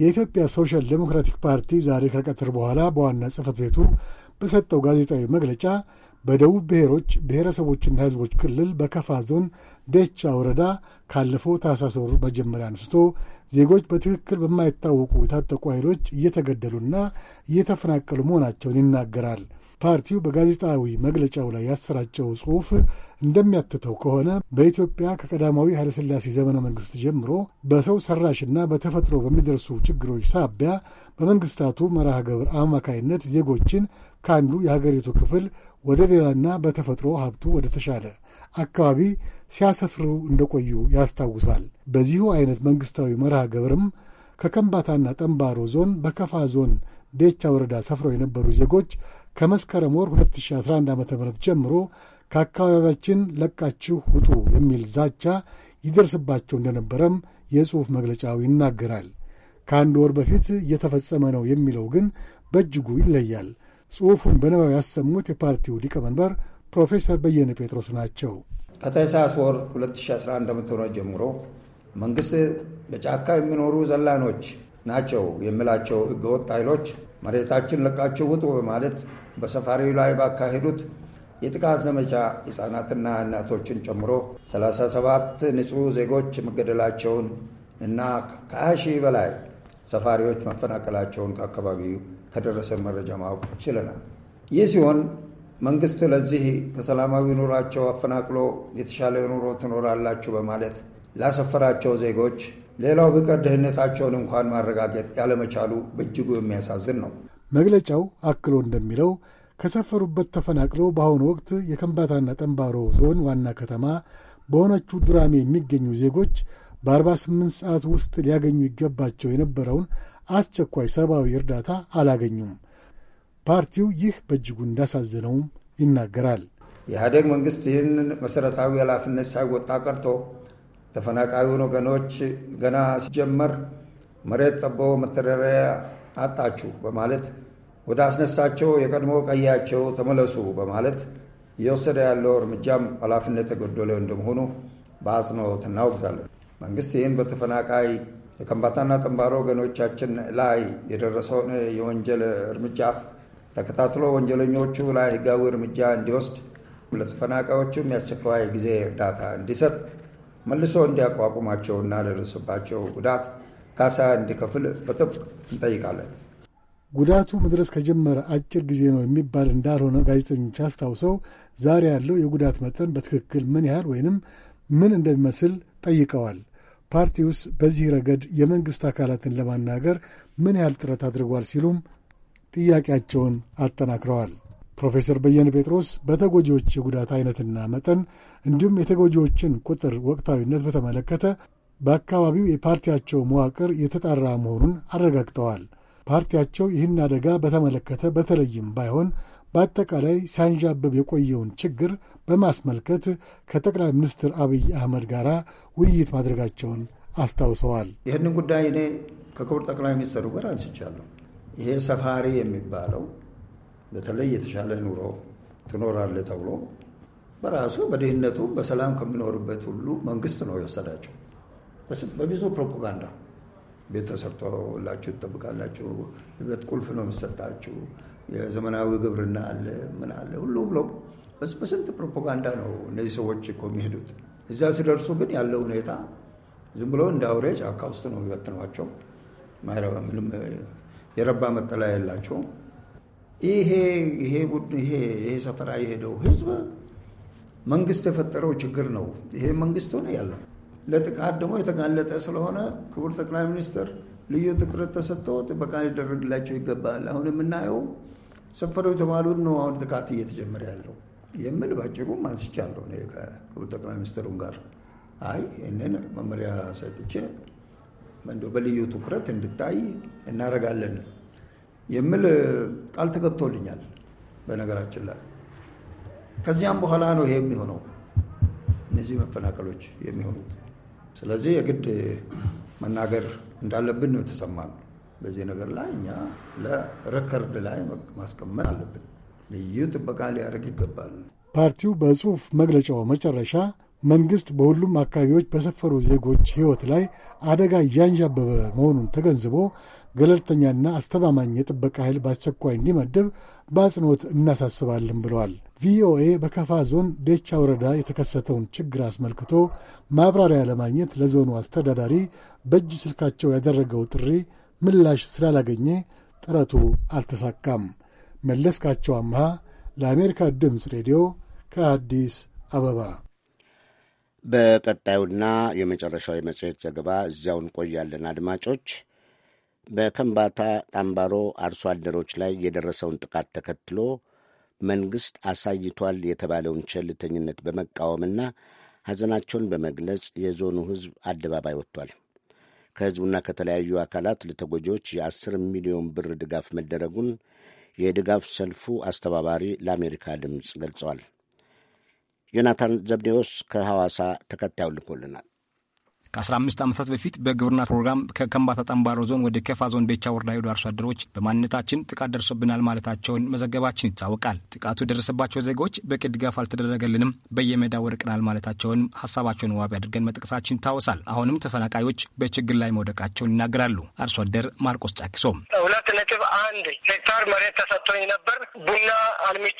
የኢትዮጵያ ሶሻል ዴሞክራቲክ ፓርቲ ዛሬ ከቀትር በኋላ በዋና ጽህፈት ቤቱ በሰጠው ጋዜጣዊ መግለጫ በደቡብ ብሔሮች ብሔረሰቦችና ሕዝቦች ክልል በከፋ ዞን ደቻ ወረዳ ካለፈው ታኅሳስ ወር መጀመሪያ አንስቶ ዜጎች በትክክል በማይታወቁ የታጠቁ ኃይሎች እየተገደሉና እየተፈናቀሉ መሆናቸውን ይናገራል። ፓርቲው በጋዜጣዊ መግለጫው ላይ ያሰራጨው ጽሑፍ እንደሚያትተው ከሆነ በኢትዮጵያ ከቀዳማዊ ኃይለሥላሴ ዘመነ መንግሥት ጀምሮ በሰው ሰራሽና በተፈጥሮ በሚደርሱ ችግሮች ሳቢያ በመንግሥታቱ መርሃ ግብር አማካይነት ዜጎችን ከአንዱ የሀገሪቱ ክፍል ወደ ሌላና በተፈጥሮ ሀብቱ ወደ ተሻለ አካባቢ ሲያሰፍሩ እንደቆዩ ያስታውሳል። በዚሁ አይነት መንግሥታዊ መርሃ ግብርም ከከምባታና ጠምባሮ ዞን በከፋ ዞን ዴቻ ወረዳ ሰፍረው የነበሩ ዜጎች ከመስከረም ወር 2011 ዓ ም ጀምሮ ከአካባቢያችን ለቃችሁ ውጡ የሚል ዛቻ ይደርስባቸው እንደነበረም የጽሑፍ መግለጫው ይናገራል። ከአንድ ወር በፊት እየተፈጸመ ነው የሚለው ግን በእጅጉ ይለያል። ጽሑፉን በንባብ ያሰሙት የፓርቲው ሊቀመንበር ፕሮፌሰር በየነ ጴጥሮስ ናቸው። ከታህሳስ ወር 2011 ዓ ም ጀምሮ መንግስት በጫካ የሚኖሩ ዘላኖች ናቸው የሚላቸው ህገወጥ ኃይሎች መሬታችን ለቃችሁ ውጡ በማለት በሰፋሪው ላይ ባካሄዱት የጥቃት ዘመቻ ህፃናትና እናቶችን ጨምሮ 37 ንጹህ ዜጎች መገደላቸውን እና ከ20 ሺህ በላይ ሰፋሪዎች መፈናቀላቸውን ከአካባቢው ከደረሰ መረጃ ማወቅ ችለናል። ይህ ሲሆን መንግስት ለዚህ ከሰላማዊ ኑሯቸው አፈናቅሎ የተሻለ ኑሮ ትኖራላችሁ በማለት ላሰፈራቸው ዜጎች ሌላው ብቀር ደህንነታቸውን እንኳን ማረጋገጥ ያለመቻሉ በእጅጉ የሚያሳዝን ነው። መግለጫው አክሎ እንደሚለው ከሰፈሩበት ተፈናቅሎ በአሁኑ ወቅት የከምባታና ጠንባሮ ዞን ዋና ከተማ በሆነችው ዱራሜ የሚገኙ ዜጎች በ48 ሰዓት ውስጥ ሊያገኙ ይገባቸው የነበረውን አስቸኳይ ሰብአዊ እርዳታ አላገኙም። ፓርቲው ይህ በእጅጉ እንዳሳዘነውም ይናገራል። የኢህአዴግ መንግስት ይህንን መሠረታዊ ኃላፊነት ሳይወጣ ቀርቶ ተፈናቃዩን ወገኖች ገና ሲጀመር መሬት ጠቦ መተዳደሪያ አጣችሁ በማለት ወደ አስነሳቸው የቀድሞ ቀያቸው ተመለሱ በማለት እየወሰደ ያለው እርምጃም ኃላፊነት የጎደለው እንደመሆኑ በአጽንኦት እናወግዛለን። መንግስት ይህን በተፈናቃይ የከንባታና ጠንባሮ ወገኖቻችን ላይ የደረሰውን የወንጀል እርምጃ ተከታትሎ ወንጀለኞቹ ላይ ህጋዊ እርምጃ እንዲወስድ፣ ለተፈናቃዮቹም የአስቸኳይ ጊዜ እርዳታ እንዲሰጥ፣ መልሶ እንዲያቋቁማቸውና ለደረሰባቸው ጉዳት ካሳ እንዲከፍል በጥብቅ እንጠይቃለን። ጉዳቱ መድረስ ከጀመረ አጭር ጊዜ ነው የሚባል እንዳልሆነ ጋዜጠኞች አስታውሰው ዛሬ ያለው የጉዳት መጠን በትክክል ምን ያህል ወይንም ምን እንደሚመስል ጠይቀዋል። ፓርቲውስ በዚህ ረገድ የመንግሥት አካላትን ለማናገር ምን ያህል ጥረት አድርጓል? ሲሉም ጥያቄያቸውን አጠናክረዋል። ፕሮፌሰር በየነ ጴጥሮስ በተጎጂዎች የጉዳት አይነትና መጠን እንዲሁም የተጎጂዎችን ቁጥር ወቅታዊነት በተመለከተ በአካባቢው የፓርቲያቸው መዋቅር የተጣራ መሆኑን አረጋግጠዋል። ፓርቲያቸው ይህን አደጋ በተመለከተ በተለይም ባይሆን በአጠቃላይ ሲያንዣብብ የቆየውን ችግር በማስመልከት ከጠቅላይ ሚኒስትር አብይ አህመድ ጋር ውይይት ማድረጋቸውን አስታውሰዋል። ይህንን ጉዳይ እኔ ከክቡር ጠቅላይ ሚኒስትሩ ጋር አንስቻለሁ። ይሄ ሰፋሪ የሚባለው በተለይ የተሻለ ኑሮ ትኖራለህ ተብሎ በራሱ በድህነቱ በሰላም ከሚኖርበት ሁሉ መንግስት ነው የወሰዳቸው። በብዙ ፕሮፓጋንዳ ቤት ተሰርቶላችሁ ትጠብቃላችሁ፣ ቤት ቁልፍ ነው የሚሰጣችሁ፣ የዘመናዊ ግብርና አለ ምን አለ ሁሉ ብሎ በስንት ፕሮፓጋንዳ ነው እነዚህ ሰዎች እኮ የሚሄዱት። እዛ ሲደርሱ ግን ያለው ሁኔታ ዝም ብሎ እንደ አውሬ ጫካ ውስጥ ነው የሚበትኗቸው። ማይረባ ምንም የረባ መጠለያ ያላቸው። ይሄ ይሄ ቡድን ይሄ ይሄ ሰፈራ የሄደው ህዝብ መንግስት የፈጠረው ችግር ነው። ይሄ መንግስት ሆነ ያለው ለጥቃት ደግሞ የተጋለጠ ስለሆነ ክቡር ጠቅላይ ሚኒስትር ልዩ ትኩረት ተሰጥቶ ጥበቃ ሊደረግላቸው ይገባል። አሁን የምናየው ሰፈረው የተባሉት ነው አሁን ጥቃት እየተጀመረ ያለው የምል ባጭሩ አንስቻለሁ ከክቡር ጠቅላይ ሚኒስትሩን ጋር አይ ይህንን መመሪያ ሰጥቼ እንደው በልዩ ትኩረት እንድታይ እናደርጋለን የሚል ቃል ተገብቶልኛል። በነገራችን ላይ ከዚያም በኋላ ነው ይሄ የሚሆነው እነዚህ መፈናቀሎች የሚሆኑት። ስለዚህ የግድ መናገር እንዳለብን ነው የተሰማነው። በዚህ ነገር ላይ እኛ ለረከርድ ላይ ማስቀመጥ አለብን። ልዩ ጥበቃ ሊያደርግ ይገባል። ፓርቲው በጽሑፍ መግለጫው መጨረሻ መንግስት በሁሉም አካባቢዎች በሰፈሩ ዜጎች ሕይወት ላይ አደጋ እያንዣበበ መሆኑን ተገንዝቦ ገለልተኛና አስተማማኝ የጥበቃ ኃይል በአስቸኳይ እንዲመድብ በአጽንኦት እናሳስባለን ብለዋል። ቪኦኤ በከፋ ዞን ዴቻ ወረዳ የተከሰተውን ችግር አስመልክቶ ማብራሪያ ለማግኘት ለዞኑ አስተዳዳሪ በእጅ ስልካቸው ያደረገው ጥሪ ምላሽ ስላላገኘ ጥረቱ አልተሳካም። መለስካቸው አምሃ ለአሜሪካ ድምፅ ሬዲዮ ከአዲስ አበባ። በቀጣዩና የመጨረሻው የመጽሔት ዘገባ እዚያው እንቆያለን አድማጮች። በከምባታ ጣምባሮ አርሶ አደሮች ላይ የደረሰውን ጥቃት ተከትሎ መንግሥት አሳይቷል የተባለውን ቸልተኝነት በመቃወምና ሐዘናቸውን በመግለጽ የዞኑ ሕዝብ አደባባይ ወጥቷል። ከህዝቡና ከተለያዩ አካላት ለተጎጂዎች የአስር ሚሊዮን ብር ድጋፍ መደረጉን የድጋፍ ሰልፉ አስተባባሪ ለአሜሪካ ድምፅ ገልጸዋል። ዮናታን ዘብዴዎስ ከሐዋሳ ተከታዩ ልኮልናል። ከ15 ዓመታት በፊት በግብርና ፕሮግራም ከከምባታ ጠንባሮ ዞን ወደ ከፋ ዞን ቤቻ ወረዳ ሄዱ አርሶ አደሮች በማንነታችን ጥቃት ደርሶብናል ማለታቸውን መዘገባችን ይታወቃል። ጥቃቱ የደረሰባቸው ዜጎች በቂ ድጋፍ አልተደረገልንም፣ በየሜዳ ወርቅናል ማለታቸውን ሀሳባቸውን ዋቢ አድርገን መጥቀሳችን ይታወሳል። አሁንም ተፈናቃዮች በችግር ላይ መውደቃቸውን ይናገራሉ። አርሶ አደር ማርቆስ ጫኪሶም ሁለት ነጥብ አንድ ሄክታር መሬት ተሰጥቶኝ ነበር። ቡና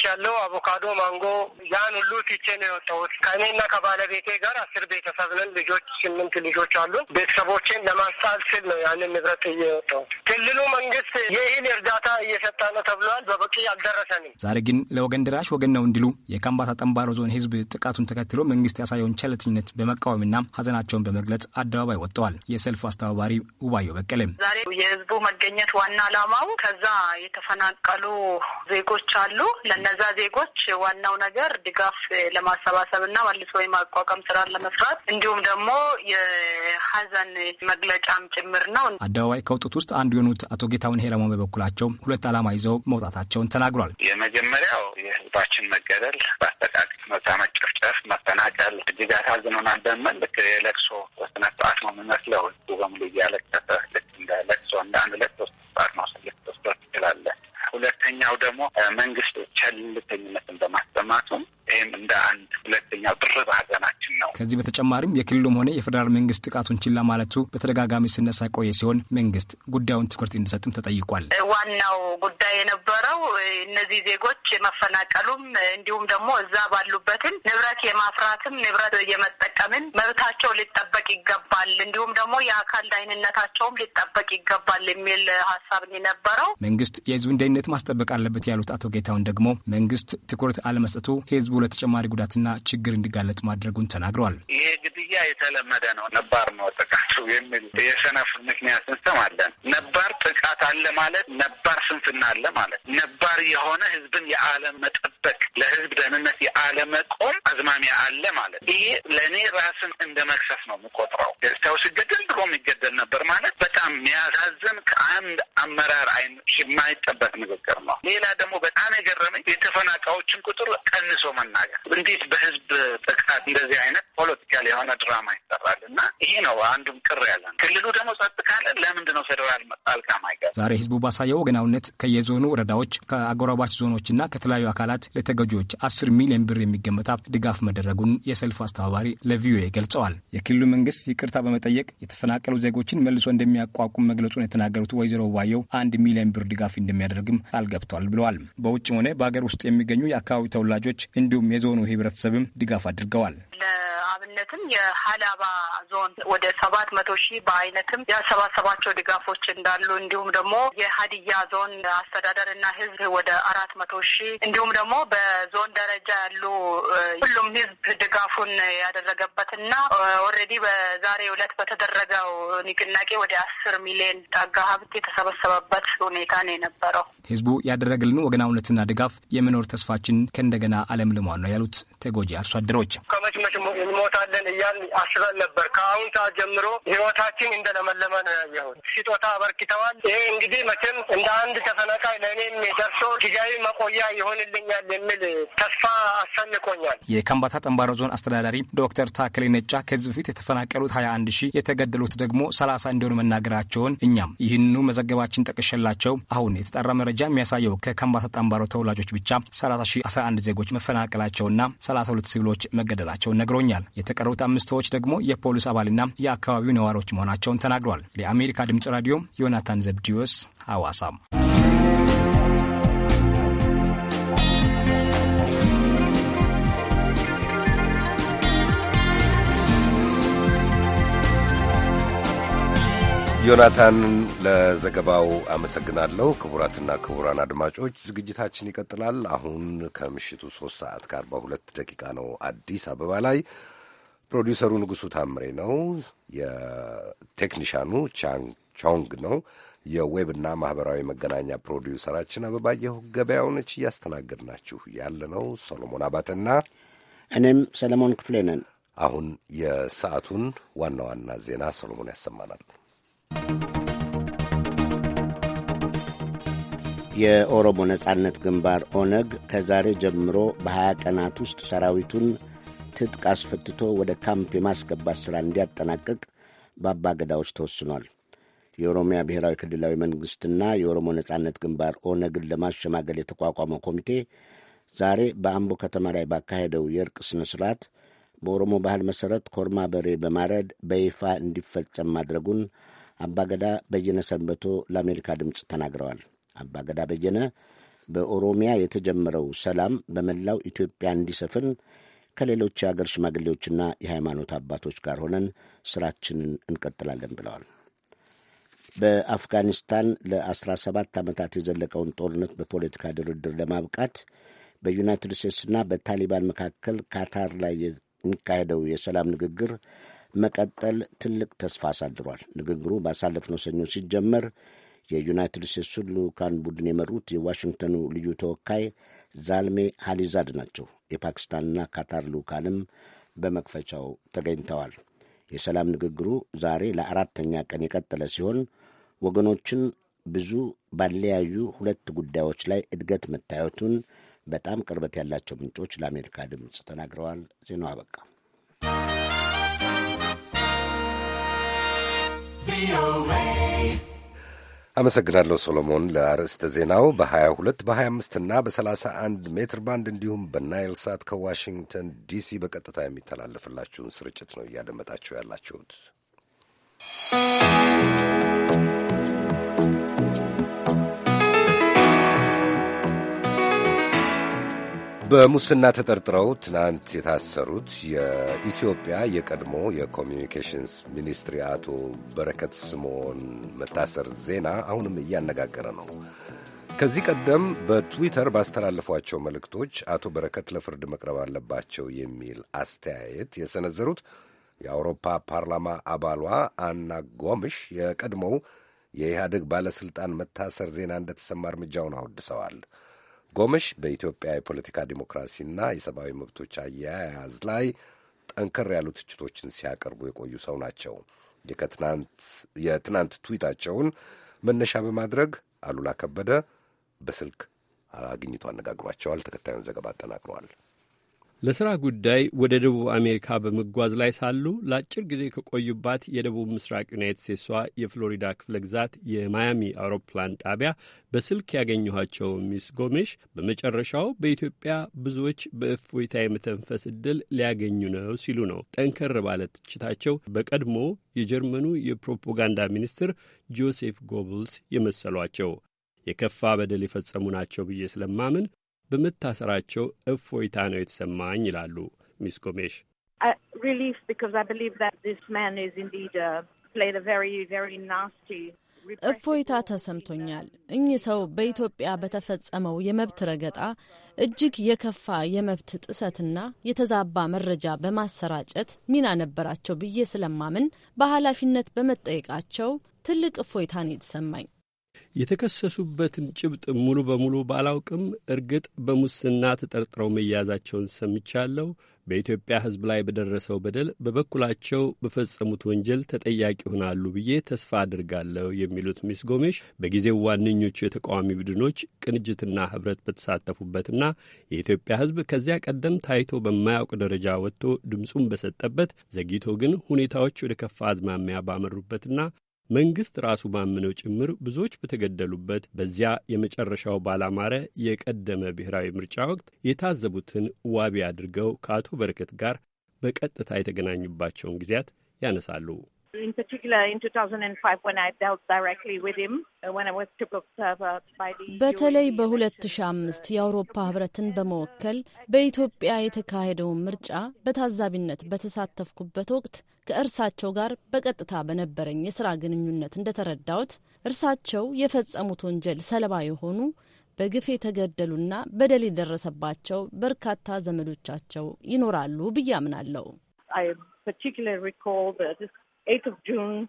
ያለው አቮካዶ፣ ማንጎ ያን ሁሉ ትቼ ነው የወጣሁት። ከእኔና ከባለቤቴ ጋር አስር ቤተሰብ ነን። ልጆች ስምንት ልጆች አሉ። ቤተሰቦችን ለማስጣል ስል ነው ያንን ንብረት እየወጣው። ክልሉ መንግስት ይህን እርዳታ እየሰጠ ነው ተብሏል። በበቂ አልደረሰንም። ዛሬ ግን ለወገን ደራሽ ወገን ነው እንዲሉ የከምባታ ጠንባሮ ዞን ህዝብ ጥቃቱን ተከትሎ መንግስት ያሳየውን ቸለተኝነት በመቃወምና ሀዘናቸውን በመግለጽ አደባባይ ወጥተዋል። የሰልፉ አስተባባሪ ውባዮ በቀለም ዛሬ የህዝቡ መገኘት ዋና አላማው ከዛ የተፈናቀሉ ዜጎች አሉ። ለነዛ ዜጎች ዋናው ነገር ድጋፍ ለማሰባሰብ መልሶ የማቋቋም ስራን ለመስራት እንዲሁም ደግሞ ሀዘን መግለጫም ጭምር ነው። አደባባይ ከወጡት ውስጥ አንዱ የሆኑት አቶ ጌታሁን ሄረሞ በበኩላቸው ሁለት ዓላማ ይዘው መውጣታቸውን ተናግሯል። የመጀመሪያው የህዝባችን መገደል፣ በአሰቃቂ ሁኔታ መጨፍጨፍ፣ መፈናቀል እጅግ አሳዝኖናል። በምን ልክ የለቅሶ ስነ ስርዓት ነው የምመስለው ህዝቡ በሙሉ እያለቀሰ ልክ እንደ ለቅሶ እንደ አንድ ለቅሶ ስርዓት ነው ልክ ወስዶ ትችላለን። ሁለተኛው ደግሞ መንግስት ቸልተኝነትን በማስጠማቱም ይህም እንደ አንድ ሁለተኛ ብርብ ሀዘናችን ነው። ከዚህ በተጨማሪም የክልሉም ሆነ የፌዴራል መንግስት ጥቃቱን ችላ ማለቱ በተደጋጋሚ ስነሳ ቆየ ሲሆን መንግስት ጉዳዩን ትኩረት እንዲሰጥም ተጠይቋል። ዋናው ጉዳይ የነበረው እነዚህ ዜጎች መፈናቀሉም እንዲሁም ደግሞ እዛ ባሉበትም ንብረት የማፍራትም ንብረት የመጠቀምን መብታቸው ሊጠበቅ ይገባል፣ እንዲሁም ደግሞ የአካል ደህንነታቸውም ሊጠበቅ ይገባል የሚል ሀሳብ የነበረው መንግስት የህዝብን ደህንነት ማስጠበቅ አለበት ያሉት አቶ ጌታውን ደግሞ መንግስት ትኩረት አለመስጠቱ ህዝቡ ለተጨማሪ ጉዳትና ችግር እንዲጋለጥ ማድረጉን ተናግረዋል። ይሄ ግድያ የተለመደ ነው፣ ነባር ነው ጥቃቱ የሚል የሰነፍ ምክንያት አለን። ነባር ጥቃት አለ ማለት ነባር ስንፍና አለ ማለት ነባር የሆነ ህዝብን መጠበቅ ለህዝብ ደህንነት የአለመቆም አዝማሚያ አለ ማለት ይሄ ለእኔ ራስን እንደ መክሰስ ነው የምቆጥረው። ሰው ሲገደል ድሮ የሚገደል ነበር ማለት በጣም የሚያሳዝን ከአንድ አመራር አይን የማይጠበቅ ንግግር ነው። ሌላ ደግሞ በጣም የገረመኝ የተፈናቃዮችን ቁጥር ቀንሶ መ መናገር እንዴት በህዝብ ጥቃት እንደዚህ አይነት ፖለቲካል የሆነ ድራማ ይሰራል? እና ይሄ ነው አንዱም ቅር ያለ ነው። ክልሉ ደግሞ ጸጥ ካለ ለምንድን ነው ፌዴራል መጣልቃ ማይገባ? ዛሬ ህዝቡ ባሳየው ወገናዊነት ከየዞኑ ወረዳዎች፣ ከአጎራባች ዞኖችና ከተለያዩ አካላት ለተጎጂዎች አስር ሚሊዮን ብር የሚገመት ሀብት ድጋፍ መደረጉን የሰልፉ አስተባባሪ ለቪኦኤ ገልጸዋል። የክልሉ መንግስት ይቅርታ በመጠየቅ የተፈናቀሉ ዜጎችን መልሶ እንደሚያቋቁም መግለጹን የተናገሩት ወይዘሮ ዋየው አንድ ሚሊዮን ብር ድጋፍ እንደሚያደርግም ቃል ገብቷል ብለዋል። በውጭም ሆነ በሀገር ውስጥ የሚገኙ የአካባቢ ተወላጆች እንዲሁ እንዲሁም የዞኑ ሕብረተሰብም ድጋፍ አድርገዋል። አብነትም የሀላባ ዞን ወደ ሰባት መቶ ሺህ በአይነትም ያሰባሰባቸው ድጋፎች እንዳሉ እንዲሁም ደግሞ የሀዲያ ዞን አስተዳደር እና ህዝብ ወደ አራት መቶ ሺህ እንዲሁም ደግሞ በዞን ደረጃ ያሉ ሁሉም ህዝብ ድጋፉን ያደረገበት እና ኦልሬዲ በዛሬ ዕለት በተደረገው ንቅናቄ ወደ አስር ሚሊዮን ጠጋ ሀብት የተሰበሰበበት ሁኔታ ነው የነበረው። ህዝቡ ያደረግልን ወገናውነትና ድጋፍ የመኖር ተስፋችን ከእንደገና አለምልሟን ነው ያሉት ተጎጂ አርሶ አደሮች ከመችመች እንሞታለን እያል አስበን ነበር። ከአሁን ሰዓት ጀምሮ ህይወታችን እንደለመለመ ነው ያየሁት። ስጦታ አበርክተዋል። ይሄ እንግዲህ መቼም እንደ አንድ ተፈናቃይ ለእኔም ደርሶ ጊዜያዊ መቆያ ይሆንልኛል የሚል ተስፋ አሰንቆኛል። የከምባታ ጠንባሮ ዞን አስተዳዳሪ ዶክተር ታክሌ ነጫ ከዚህ በፊት የተፈናቀሉት ሀያ አንድ ሺህ የተገደሉት ደግሞ ሰላሳ እንዲሆኑ መናገራቸውን እኛም ይህንኑ መዘገባችን ጠቅሸላቸው አሁን የተጣራ መረጃ የሚያሳየው ከከምባታ ጠንባሮ ተወላጆች ብቻ ሰላሳ ሺህ አስራ አንድ ዜጎች መፈናቀላቸውና 32 ሲቪሎች መገደላቸውን ነግሮኛል። የተቀሩት አምስት ሰዎች ደግሞ የፖሊስ አባልና የአካባቢው ነዋሪዎች መሆናቸውን ተናግሯል። ለአሜሪካ ድምጽ ራዲዮ ዮናታን ዘብዲዮስ ሐዋሳም ዮናታን ለዘገባው አመሰግናለሁ። ክቡራትና ክቡራን አድማጮች ዝግጅታችን ይቀጥላል። አሁን ከምሽቱ ሶስት ሰዓት ከአርባ ሁለት ደቂቃ ነው አዲስ አበባ ላይ። ፕሮዲውሰሩ ንጉሡ ታምሬ ነው። የቴክኒሻኑ ቻንግ ነው። የዌብና ማኅበራዊ መገናኛ ፕሮዲውሰራችን አበባየሁ ገበያው ነች። እያስተናገድናችሁ ያለነው ሰሎሞን አባተና እኔም ሰለሞን ክፍሌ ነን። አሁን የሰዓቱን ዋና ዋና ዜና ሰሎሞን ያሰማናል። የኦሮሞ ነጻነት ግንባር ኦነግ ከዛሬ ጀምሮ በ20 ቀናት ውስጥ ሰራዊቱን ትጥቅ አስፈትቶ ወደ ካምፕ የማስገባት ሥራ እንዲያጠናቅቅ በአባገዳዎች ተወስኗል። የኦሮሚያ ብሔራዊ ክልላዊ መንግሥትና የኦሮሞ ነጻነት ግንባር ኦነግን ለማሸማገል የተቋቋመው ኮሚቴ ዛሬ በአምቦ ከተማ ላይ ባካሄደው የእርቅ ሥነ ሥርዓት በኦሮሞ ባህል መሠረት ኮርማ በሬ በማረድ በይፋ እንዲፈጸም ማድረጉን አባገዳ በየነ ሰንበቶ ለአሜሪካ ድምፅ ተናግረዋል። አባገዳ በየነ በኦሮሚያ የተጀመረው ሰላም በመላው ኢትዮጵያ እንዲሰፍን ከሌሎች የአገር ሽማግሌዎችና የሃይማኖት አባቶች ጋር ሆነን ስራችንን እንቀጥላለን ብለዋል። በአፍጋኒስታን ለ17 ዓመታት የዘለቀውን ጦርነት በፖለቲካ ድርድር ለማብቃት በዩናይትድ ስቴትስና በታሊባን መካከል ካታር ላይ የሚካሄደው የሰላም ንግግር መቀጠል ትልቅ ተስፋ አሳድሯል። ንግግሩ ባሳለፍነው ሰኞ ሲጀመር የዩናይትድ ስቴትሱ ልዑካን ቡድን የመሩት የዋሽንግተኑ ልዩ ተወካይ ዛልሜ ሃሊዛድ ናቸው። የፓኪስታንና ካታር ልዑካንም በመክፈቻው ተገኝተዋል። የሰላም ንግግሩ ዛሬ ለአራተኛ ቀን የቀጠለ ሲሆን ወገኖችን ብዙ ባለያዩ ሁለት ጉዳዮች ላይ እድገት መታየቱን በጣም ቅርበት ያላቸው ምንጮች ለአሜሪካ ድምፅ ተናግረዋል። ዜናው አበቃ። አመሰግናለሁ ሶሎሞን ለአርዕስተ ዜናው። በ22 በ25 እና በ31 ሜትር ባንድ እንዲሁም በናይል ሳት ከዋሽንግተን ዲሲ በቀጥታ የሚተላለፍላችሁን ስርጭት ነው እያደመጣችሁ ያላችሁት። በሙስና ተጠርጥረው ትናንት የታሰሩት የኢትዮጵያ የቀድሞ የኮሚኒኬሽንስ ሚኒስትር አቶ በረከት ስምዖን መታሰር ዜና አሁንም እያነጋገረ ነው። ከዚህ ቀደም በትዊተር ባስተላለፏቸው መልእክቶች አቶ በረከት ለፍርድ መቅረብ አለባቸው የሚል አስተያየት የሰነዘሩት የአውሮፓ ፓርላማ አባሏ አና ጎምሽ የቀድሞው የኢህአደግ ባለሥልጣን መታሰር ዜና እንደተሰማ እርምጃውን አወድሰዋል። ጎመሽ በኢትዮጵያ የፖለቲካ ዲሞክራሲና የሰብአዊ መብቶች አያያዝ ላይ ጠንከር ያሉ ትችቶችን ሲያቀርቡ የቆዩ ሰው ናቸው። የትናንት ትዊታቸውን መነሻ በማድረግ አሉላ ከበደ በስልክ አግኝቶ አነጋግሯቸዋል። ተከታዩን ዘገባ አጠናቅረዋል። ለሥራ ጉዳይ ወደ ደቡብ አሜሪካ በመጓዝ ላይ ሳሉ ለአጭር ጊዜ ከቆዩባት የደቡብ ምስራቅ ዩናይት ስቴትሷ የፍሎሪዳ ክፍለ ግዛት የማያሚ አውሮፕላን ጣቢያ በስልክ ያገኘኋቸው ሚስ ጎሜሽ በመጨረሻው በኢትዮጵያ ብዙዎች በእፎይታ የመተንፈስ ዕድል ሊያገኙ ነው ሲሉ ነው ጠንከር ባለ ትችታቸው በቀድሞ የጀርመኑ የፕሮፓጋንዳ ሚኒስትር ጆሴፍ ጎብልስ የመሰሏቸው። የከፋ በደል የፈጸሙ ናቸው ብዬ ስለማምን በመታሰራቸው እፎይታ ነው የተሰማኝ ይላሉ ሚስ ጎሜሽ። uh, እፎይታ ተሰምቶኛል። እኚህ ሰው በኢትዮጵያ በተፈጸመው የመብት ረገጣ እጅግ የከፋ የመብት ጥሰትና የተዛባ መረጃ በማሰራጨት ሚና ነበራቸው ብዬ ስለማምን በኃላፊነት በመጠየቃቸው ትልቅ እፎይታ ነው የተሰማኝ። የተከሰሱበትን ጭብጥ ሙሉ በሙሉ ባላውቅም እርግጥ በሙስና ተጠርጥረው መያዛቸውን ሰምቻለሁ። በኢትዮጵያ ሕዝብ ላይ በደረሰው በደል በበኩላቸው በፈጸሙት ወንጀል ተጠያቂ ይሆናሉ ብዬ ተስፋ አድርጋለሁ የሚሉት ሚስ ጎሜሽ በጊዜው ዋነኞቹ የተቃዋሚ ቡድኖች ቅንጅትና ህብረት በተሳተፉበትና የኢትዮጵያ ሕዝብ ከዚያ ቀደም ታይቶ በማያውቅ ደረጃ ወጥቶ ድምፁን በሰጠበት ዘግይቶ ግን ሁኔታዎች ወደ ከፋ አዝማሚያ ባመሩበትና መንግሥት ራሱ ባምነው ጭምር ብዙዎች በተገደሉበት በዚያ የመጨረሻው ባላማረ የቀደመ ብሔራዊ ምርጫ ወቅት የታዘቡትን ዋቢ አድርገው ከአቶ በረከት ጋር በቀጥታ የተገናኙባቸውን ጊዜያት ያነሳሉ። E በተለይ በ2005 የአውሮፓ ህብረትን በመወከል በኢትዮጵያ የተካሄደውን ምርጫ በታዛቢነት በተሳተፍኩበት ወቅት ከእርሳቸው ጋር በቀጥታ በነበረኝ የስራ ግንኙነት እንደተረዳሁት እርሳቸው የፈጸሙት ወንጀል ሰለባ የሆኑ በግፍ የተገደሉና በደል የደረሰባቸው በርካታ ዘመዶቻቸው ይኖራሉ ብዬ አምናለሁ። Uh,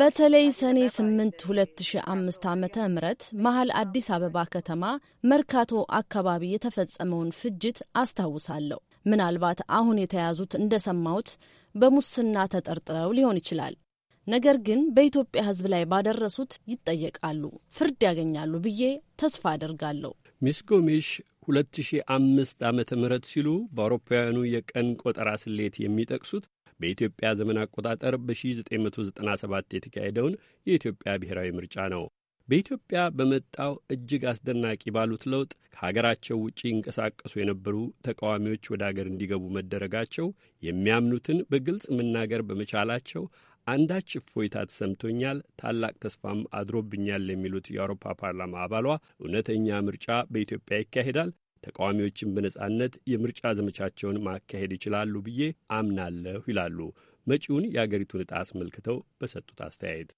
በተለይ ሰኔ 8 2005 ዓ ምህረት መሀል አዲስ አበባ ከተማ መርካቶ አካባቢ የተፈጸመውን ፍጅት አስታውሳለሁ። ምናልባት አሁን የተያዙት እንደሰማሁት በሙስና ተጠርጥረው ሊሆን ይችላል። ነገር ግን በኢትዮጵያ ሕዝብ ላይ ባደረሱት ይጠየቃሉ፣ ፍርድ ያገኛሉ ብዬ ተስፋ አደርጋለሁ። ሚስ ጎሜሽ 2005 ዓ ም ሲሉ በአውሮፓውያኑ የቀን ቆጠራ ስሌት የሚጠቅሱት በኢትዮጵያ ዘመን አቆጣጠር በ1997 የተካሄደውን የኢትዮጵያ ብሔራዊ ምርጫ ነው። በኢትዮጵያ በመጣው እጅግ አስደናቂ ባሉት ለውጥ ከሀገራቸው ውጪ ይንቀሳቀሱ የነበሩ ተቃዋሚዎች ወደ አገር እንዲገቡ መደረጋቸው፣ የሚያምኑትን በግልጽ መናገር በመቻላቸው አንዳች እፎይታ ተሰምቶኛል፣ ታላቅ ተስፋም አድሮብኛል የሚሉት የአውሮፓ ፓርላማ አባሏ እውነተኛ ምርጫ በኢትዮጵያ ይካሄዳል፣ ተቃዋሚዎችን በነጻነት የምርጫ ዘመቻቸውን ማካሄድ ይችላሉ ብዬ አምናለሁ ይላሉ። መጪውን የአገሪቱን ዕጣ አስመልክተው በሰጡት አስተያየት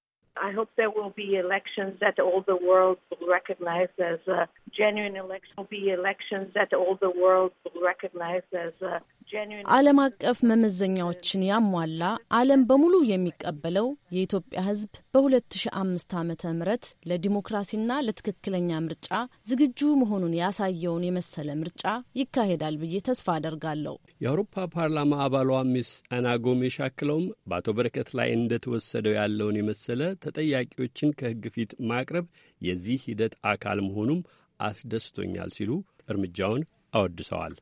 ዓለም አቀፍ መመዘኛዎችን ያሟላ ዓለም በሙሉ የሚቀበለው የኢትዮጵያ ሕዝብ በ2005 ዓ ም ለዲሞክራሲና ለትክክለኛ ምርጫ ዝግጁ መሆኑን ያሳየውን የመሰለ ምርጫ ይካሄዳል ብዬ ተስፋ አደርጋለሁ። የአውሮፓ ፓርላማ አባሏ ሚስ አና ጎሜሽ አክለውም በአቶ በረከት ላይ እንደተወሰደው ያለውን የመሰለ ተጠያቂዎችን ከሕግ ፊት ማቅረብ የዚህ ሂደት አካል መሆኑም አስደስቶኛል ሲሉ እርምጃውን አወድሰዋል።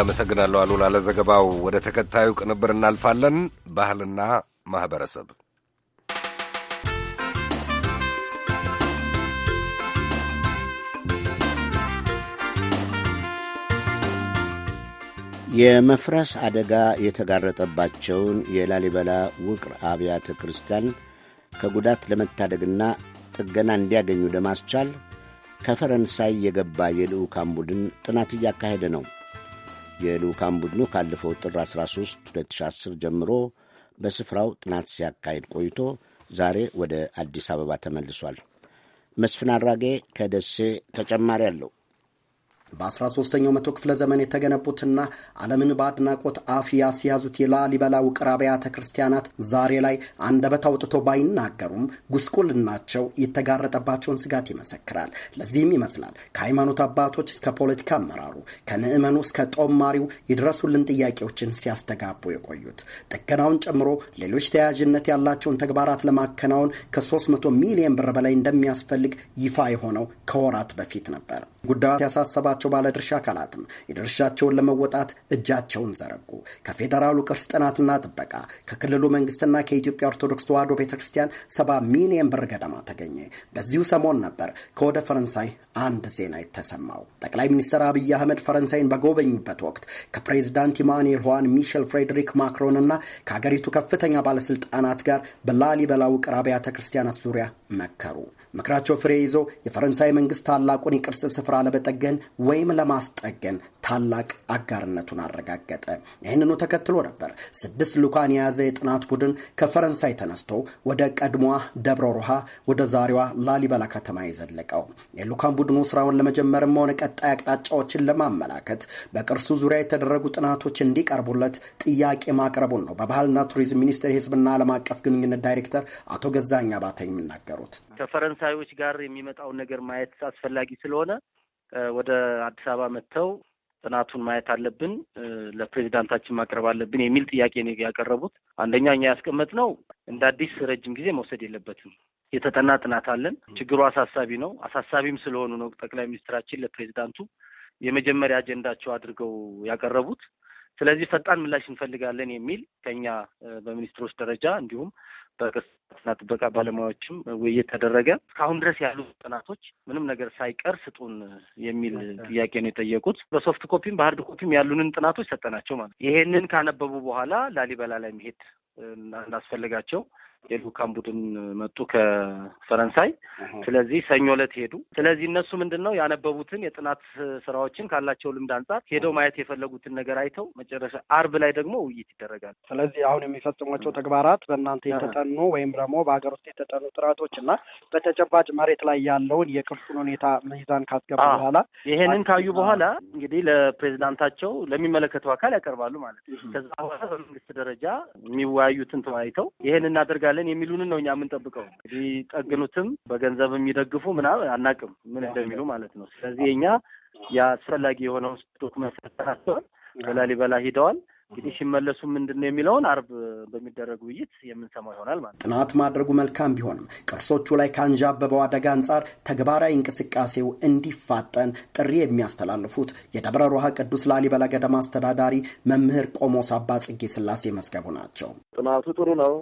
አመሰግናለሁ አሉላ ለዘገባው። ወደ ተከታዩ ቅንብር እናልፋለን። ባህልና ማኅበረሰብ የመፍረስ አደጋ የተጋረጠባቸውን የላሊበላ ውቅር አብያተ ክርስቲያን ከጉዳት ለመታደግና ጥገና እንዲያገኙ ለማስቻል ከፈረንሳይ የገባ የልዑካን ቡድን ጥናት እያካሄደ ነው። የልዑካን ቡድኑ ካለፈው ጥር 13 2010 ጀምሮ በስፍራው ጥናት ሲያካሂድ ቆይቶ ዛሬ ወደ አዲስ አበባ ተመልሷል። መስፍን አራጌ ከደሴ ተጨማሪ አለው። በ13ኛው መቶ ክፍለ ዘመን የተገነቡትና ዓለምን በአድናቆት አፍ ያስያዙት የላሊበላ ውቅር አብያተ ክርስቲያናት ዛሬ ላይ አንደበት አውጥቶ ባይናገሩም ጉስቁልናቸው የተጋረጠባቸውን ስጋት ይመሰክራል። ለዚህም ይመስላል ከሃይማኖት አባቶች እስከ ፖለቲካ አመራሩ፣ ከምዕመኑ እስከ ጦማሪው የድረሱልን ጥያቄዎችን ሲያስተጋቡ የቆዩት ጥገናውን ጨምሮ ሌሎች ተያያዥነት ያላቸውን ተግባራት ለማከናወን ከ300 ሚሊዮን ብር በላይ እንደሚያስፈልግ ይፋ የሆነው ከወራት በፊት ነበር። ጉዳት ያሳሰባቸው ባለድርሻ አካላትም የድርሻቸውን ለመወጣት እጃቸውን ዘረጉ። ከፌዴራሉ ቅርስ ጥናትና ጥበቃ፣ ከክልሉ መንግስትና ከኢትዮጵያ ኦርቶዶክስ ተዋሕዶ ቤተ ክርስቲያን ሰባ ሚሊየን ብር ገደማ ተገኘ። በዚሁ ሰሞን ነበር ከወደ ፈረንሳይ አንድ ዜና የተሰማው። ጠቅላይ ሚኒስትር አብይ አህመድ ፈረንሳይን በጎበኙበት ወቅት ከፕሬዚዳንት ኢማኑኤል ሁዋን ሚሼል ፍሬድሪክ ማክሮን እና ከሀገሪቱ ከፍተኛ ባለስልጣናት ጋር በላሊበላ ውቅር አብያተ ክርስቲያናት ዙሪያ መከሩ። ምክራቸው ፍሬ ይዞ የፈረንሳይ መንግስት ታላቁን የቅርስ ስፍራ ስፍራ ለመጠገን ወይም ለማስጠገን ታላቅ አጋርነቱን አረጋገጠ። ይህንኑ ተከትሎ ነበር ስድስት ልዑካን የያዘ የጥናት ቡድን ከፈረንሳይ ተነስቶ ወደ ቀድሞዋ ደብረ ሮሃ ወደ ዛሬዋ ላሊበላ ከተማ የዘለቀው። የልዑካን ቡድኑ ስራውን ለመጀመርም ሆነ ቀጣይ አቅጣጫዎችን ለማመላከት በቅርሱ ዙሪያ የተደረጉ ጥናቶች እንዲቀርቡለት ጥያቄ ማቅረቡን ነው በባህልና ቱሪዝም ሚኒስቴር የህዝብና ዓለም አቀፍ ግንኙነት ዳይሬክተር አቶ ገዛኛ ባተ የሚናገሩት። ከፈረንሳዮች ጋር የሚመጣውን ነገር ማየት አስፈላጊ ስለሆነ ወደ አዲስ አበባ መጥተው ጥናቱን ማየት አለብን፣ ለፕሬዚዳንታችን ማቅረብ አለብን የሚል ጥያቄ ነው ያቀረቡት። አንደኛ እኛ ያስቀመጥነው እንደ አዲስ ረጅም ጊዜ መውሰድ የለበትም የተጠና ጥናት አለን። ችግሩ አሳሳቢ ነው። አሳሳቢም ስለሆኑ ነው ጠቅላይ ሚኒስትራችን ለፕሬዚዳንቱ የመጀመሪያ አጀንዳቸው አድርገው ያቀረቡት። ስለዚህ ፈጣን ምላሽ እንፈልጋለን የሚል ከኛ በሚኒስትሮች ደረጃ እንዲሁም በቅርጽና ጥበቃ ባለሙያዎችም ውይይት ተደረገ። እስካሁን ድረስ ያሉ ጥናቶች ምንም ነገር ሳይቀር ስጡን የሚል ጥያቄ ነው የጠየቁት። በሶፍት ኮፒም በሀርድ ኮፒም ያሉንን ጥናቶች ሰጠናቸው ማለት ይሄንን ካነበቡ በኋላ ላሊበላ ላይ መሄድ እንዳስፈልጋቸው የልኡካን ቡድን መጡ ከፈረንሳይ። ስለዚህ ሰኞ ዕለት ሄዱ። ስለዚህ እነሱ ምንድን ነው ያነበቡትን የጥናት ስራዎችን ካላቸው ልምድ አንጻር ሄደው ማየት የፈለጉትን ነገር አይተው መጨረሻ አርብ ላይ ደግሞ ውይይት ይደረጋል። ስለዚህ አሁን የሚፈጽሟቸው ተግባራት በእናንተ የተጠኑ ወይም ደግሞ በሀገር ውስጥ የተጠኑ ጥናቶች እና በተጨባጭ መሬት ላይ ያለውን የቅርሱን ሁኔታ ሚዛን ካስገባ በኋላ ይሄንን ካዩ በኋላ እንግዲህ ለፕሬዚዳንታቸው ለሚመለከተው አካል ያቀርባሉ ማለት ነው። ከዛ በኋላ በመንግስት ደረጃ የሚወያዩትን ተወያይተው ይሄን እናደርጋለን እንችላለን የሚሉንን ነው እኛ የምንጠብቀው። እንግዲህ ጠግኑትም በገንዘብ የሚደግፉ ምናምን አናቅም ምን እንደሚሉ ማለት ነው። ስለዚህ እኛ የአስፈላጊ የሆነው ዶክመንት ሰጠናቸዋል። በላሊበላ ሂደዋል። እንግዲህ ሲመለሱ ምንድን ነው የሚለውን አርብ በሚደረግ ውይይት የምንሰማው ይሆናል ማለት ጥናት ማድረጉ መልካም ቢሆንም ቅርሶቹ ላይ ካንዣበበው አደጋ አንጻር ተግባራዊ እንቅስቃሴው እንዲፋጠን ጥሪ የሚያስተላልፉት የደብረ ሮሃ ቅዱስ ላሊበላ ገደማ አስተዳዳሪ መምህር ቆሞስ አባ ጽጌ ስላሴ መዝገቡ ናቸው። ጥናቱ ጥሩ ነው፣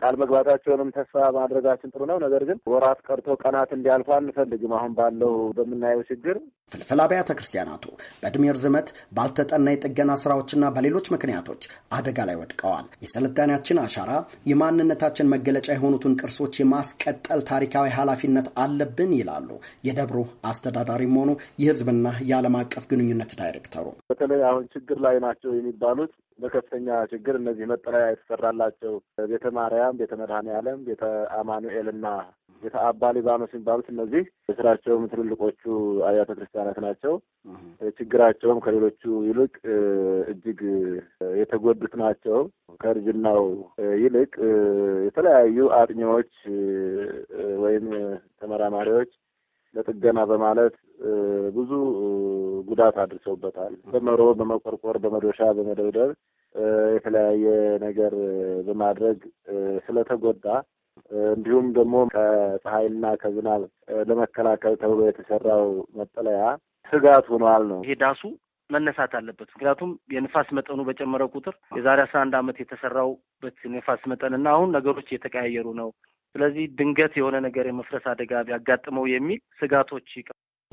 ቃል መግባታቸውንም ተስፋ ማድረጋችን ጥሩ ነው። ነገር ግን ወራት ቀርቶ ቀናት እንዲያልፉ አንፈልግም። አሁን ባለው በምናየው ችግር ፍልፍል አብያተ ክርስቲያናቱ በእድሜ ርዝመት ባልተጠና የጥገና ስራዎችና በሌሎች ምክር ምክንያቶች አደጋ ላይ ወድቀዋል። የስልጣኔያችን አሻራ፣ የማንነታችን መገለጫ የሆኑትን ቅርሶች የማስቀጠል ታሪካዊ ኃላፊነት አለብን ይላሉ የደብሩ አስተዳዳሪም ሆኑ የህዝብና የዓለም አቀፍ ግንኙነት ዳይሬክተሩ። በተለይ አሁን ችግር ላይ ናቸው የሚባሉት በከፍተኛ ችግር እነዚህ መጠለያ የተሰራላቸው ቤተ ማርያም፣ ቤተ መድኃኔ ዓለም፣ ቤተ አማኑኤል እና ቤተ አባ ሊባኖስ የሚባሉት እነዚህ የስራቸውም ትልልቆቹ አብያተ ክርስቲያናት ናቸው። ችግራቸውም ከሌሎቹ ይልቅ እጅግ የተጎዱት ናቸው። ከእርጅናው ይልቅ የተለያዩ አጥኚዎች ወይም ተመራማሪዎች ለጥገና በማለት ብዙ ጉዳት አድርሰውበታል። በመሮ በመቆርቆር፣ በመዶሻ፣ በመደብደብ የተለያየ ነገር በማድረግ ስለተጎዳ እንዲሁም ደግሞ ከፀሐይና ከዝናብ ለመከላከል ተብሎ የተሰራው መጠለያ ስጋት ሆኗል ነው ይሄ ዳሱ መነሳት አለበት። ምክንያቱም የንፋስ መጠኑ በጨመረ ቁጥር የዛሬ አስራ አንድ ዓመት የተሰራውበት ንፋስ መጠን እና አሁን ነገሮች የተቀያየሩ ነው። ስለዚህ ድንገት የሆነ ነገር የመፍረስ አደጋ ቢያጋጥመው የሚል ስጋቶች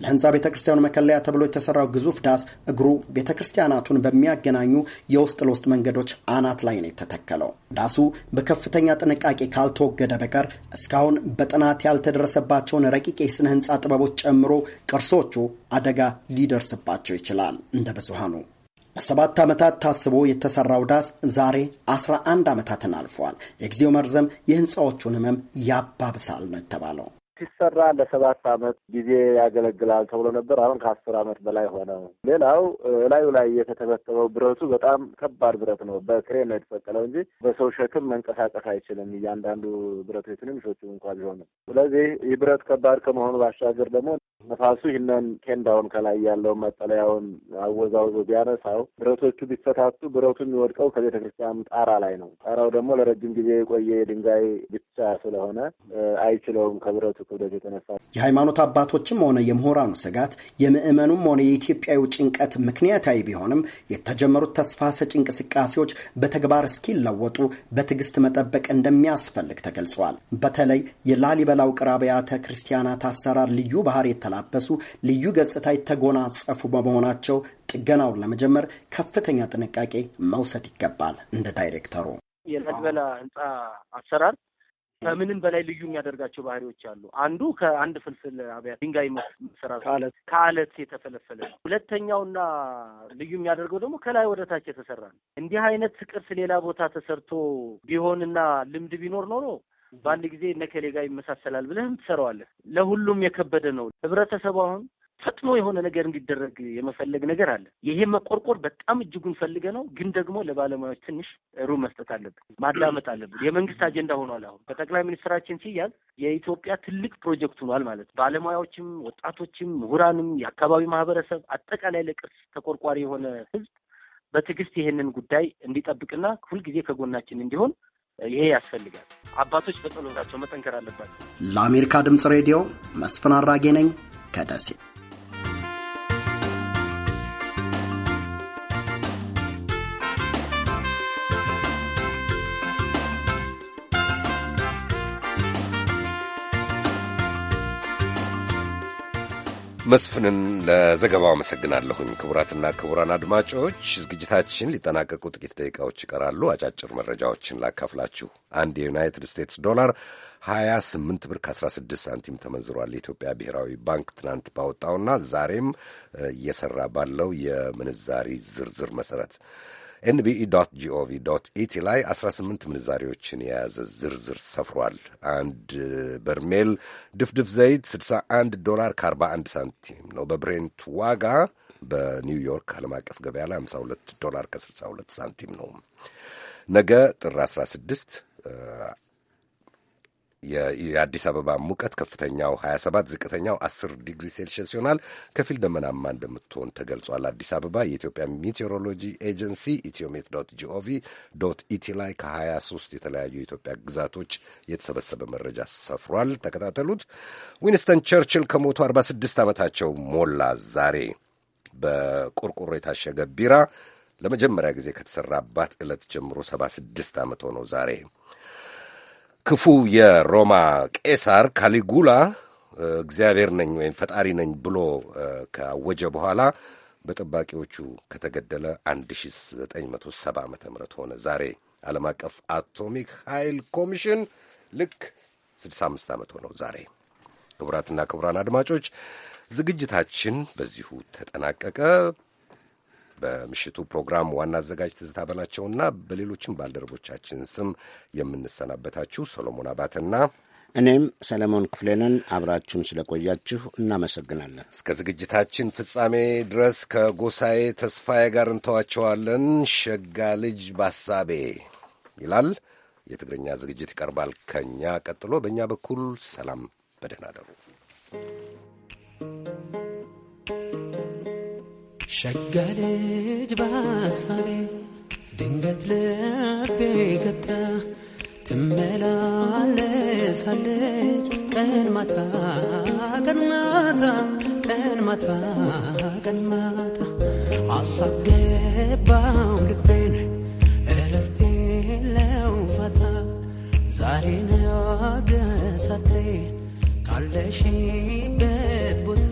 ለህንፃ ቤተ ክርስቲያኑ መከለያ ተብሎ የተሰራው ግዙፍ ዳስ እግሩ ቤተ ክርስቲያናቱን በሚያገናኙ የውስጥ ለውስጥ መንገዶች አናት ላይ ነው የተተከለው። ዳሱ በከፍተኛ ጥንቃቄ ካልተወገደ በቀር እስካሁን በጥናት ያልተደረሰባቸውን ረቂቅ የስነ ህንፃ ጥበቦች ጨምሮ ቅርሶቹ አደጋ ሊደርስባቸው ይችላል። እንደ ብዙሃኑ ለሰባት ዓመታት ታስቦ የተሰራው ዳስ ዛሬ አስራ አንድ ዓመታትን አልፏል። የጊዜው መርዘም የህንፃዎቹን ህመም ያባብሳል ነው የተባለው። ሲሰራ ለሰባት አመት ጊዜ ያገለግላል ተብሎ ነበር። አሁን ከአስር አመት በላይ ሆነው። ሌላው እላዩ ላይ የተተበጠበው ብረቱ በጣም ከባድ ብረት ነው። በክሬን ነው የተፈቀለው እንጂ በሰው ሸክም መንቀሳቀስ አይችልም። እያንዳንዱ ብረቶች ትንንሾቹ እንኳ ቢሆኑ። ስለዚህ ይህ ብረት ከባድ ከመሆኑ ባሻገር ደግሞ ነፋሱ ይህንን ኬንዳውን ከላይ ያለውን መጠለያውን አወዛውዞ ቢያነሳው ብረቶቹ ቢፈታቱ ብረቱ የሚወድቀው ከቤተ ክርስቲያን ጣራ ላይ ነው። ጣራው ደግሞ ለረጅም ጊዜ የቆየ የድንጋይ ብቻ ስለሆነ አይችለውም ከብረቱ ክብደት የተነሳ የሃይማኖት አባቶችም ሆነ የምሁራኑ ስጋት የምዕመኑም ሆነ የኢትዮጵያዊ ጭንቀት ምክንያታዊ ቢሆንም የተጀመሩት ተስፋ ሰጪ እንቅስቃሴዎች በተግባር እስኪለወጡ በትዕግስት መጠበቅ እንደሚያስፈልግ ተገልጿል። በተለይ የላሊበላ ውቅር አብያተ ክርስቲያናት አሰራር ልዩ ባህር የተላበሱ ልዩ ገጽታ የተጎናጸፉ በመሆናቸው ጥገናውን ለመጀመር ከፍተኛ ጥንቃቄ መውሰድ ይገባል። እንደ ዳይሬክተሩ የላሊበላ ህንፃ አሰራር ከምንም በላይ ልዩ የሚያደርጋቸው ባህሪዎች አሉ። አንዱ ከአንድ ፍልፍል አብያት ድንጋይ መሰራት ከአለት የተፈለፈለ ነው። ሁለተኛውና ልዩ የሚያደርገው ደግሞ ከላይ ወደ ታች የተሰራ ነው። እንዲህ አይነት ቅርስ ሌላ ቦታ ተሰርቶ ቢሆንና ልምድ ቢኖር ኖሮ በአንድ ጊዜ ነከሌ ጋር ይመሳሰላል ብለህም ትሰራዋለህ። ለሁሉም የከበደ ነው ህብረተሰቡ አሁን ፈጥኖ የሆነ ነገር እንዲደረግ የመፈለግ ነገር አለ። ይሄ መቆርቆር በጣም እጅጉን ፈልገ ነው፣ ግን ደግሞ ለባለሙያዎች ትንሽ ሩም መስጠት አለብን፣ ማዳመጥ አለብን። የመንግስት አጀንዳ ሆኗል። አሁን በጠቅላይ ሚኒስትራችን ሲያዝ የኢትዮጵያ ትልቅ ፕሮጀክት ሆኗል ማለት ነው። ባለሙያዎችም፣ ወጣቶችም፣ ምሁራንም፣ የአካባቢ ማህበረሰብ አጠቃላይ ለቅርስ ተቆርቋሪ የሆነ ህዝብ በትዕግስት ይህንን ጉዳይ እንዲጠብቅና ሁልጊዜ ከጎናችን እንዲሆን ይሄ ያስፈልጋል። አባቶች በጸሎታቸው መጠንከር አለባቸው። ለአሜሪካ ድምፅ ሬዲዮ መስፍን አራጌ ነኝ ከደሴ መስፍንን ለዘገባው አመሰግናለሁኝ። ክቡራትና ክቡራን አድማጮች ዝግጅታችን ሊጠናቀቁ ጥቂት ደቂቃዎች ይቀራሉ። አጫጭር መረጃዎችን ላካፍላችሁ። አንድ የዩናይትድ ስቴትስ ዶላር 28 ብር ከ16 ሳንቲም ተመንዝሯል። የኢትዮጵያ ብሔራዊ ባንክ ትናንት ባወጣውና ዛሬም እየሰራ ባለው የምንዛሪ ዝርዝር መሠረት ኤንቢኢ ጂኦቪ ኢቲ ላይ 18 ምንዛሬዎችን የያዘ ዝርዝር ሰፍሯል። አንድ በርሜል ድፍድፍ ዘይት 61 ዶላር ከ41 ሳንቲም ነው። በብሬንት ዋጋ በኒውዮርክ ዓለም አቀፍ ገበያ ላይ 52 ዶላር ከ62 ሳንቲም ነው። ነገ ጥር 16 የአዲስ አበባ ሙቀት ከፍተኛው 27 ዝቅተኛው 10 ዲግሪ ሴልሽስ ይሆናል። ከፊል ደመናማ እንደምትሆን ተገልጿል። አዲስ አበባ የኢትዮጵያ ሜቴሮሎጂ ኤጀንሲ ኢትዮሜት ዶት ጂኦቪ ዶት ኢቲ ላይ ከ23 የተለያዩ የኢትዮጵያ ግዛቶች የተሰበሰበ መረጃ ሰፍሯል። ተከታተሉት። ዊንስተን ቸርችል ከሞቱ 46 ዓመታቸው ሞላ። ዛሬ በቆርቆሮ የታሸገ ቢራ ለመጀመሪያ ጊዜ ከተሰራባት ዕለት ጀምሮ 76 ዓመት ሆነው ዛሬ ክፉ የሮማ ቄሳር ካሊጉላ እግዚአብሔር ነኝ ወይም ፈጣሪ ነኝ ብሎ ካወጀ በኋላ በጠባቂዎቹ ከተገደለ 1970 ዓ ም ሆነ። ዛሬ ዓለም አቀፍ አቶሚክ ኃይል ኮሚሽን ልክ 65 ዓመት ሆነው ዛሬ። ክቡራትና ክቡራን አድማጮች ዝግጅታችን በዚሁ ተጠናቀቀ። በምሽቱ ፕሮግራም ዋና አዘጋጅ ትዝታ በላቸውና በሌሎችም ባልደረቦቻችን ስም የምንሰናበታችሁ ሰሎሞን አባትና እኔም ሰለሞን ክፍሌንን አብራችሁን ስለቆያችሁ እናመሰግናለን። እስከ ዝግጅታችን ፍጻሜ ድረስ ከጎሳዬ ተስፋዬ ጋር እንተዋቸዋለን። ሸጋ ልጅ ባሳቤ ይላል። የትግርኛ ዝግጅት ይቀርባል። ከእኛ ቀጥሎ በእኛ በኩል ሰላም፣ በደህና አደሩ። ሸጋ ልጅ ድንገት ልቤ ገብታ ትመላለሳለች ቀን ማታ ቀን ማታ ቀን ማታ ቀን ማታ አሳገባው ልቤን እረፍቴ ለውፋታ ዛሬ ነገ ሳቴ ካለሽበት ቦታ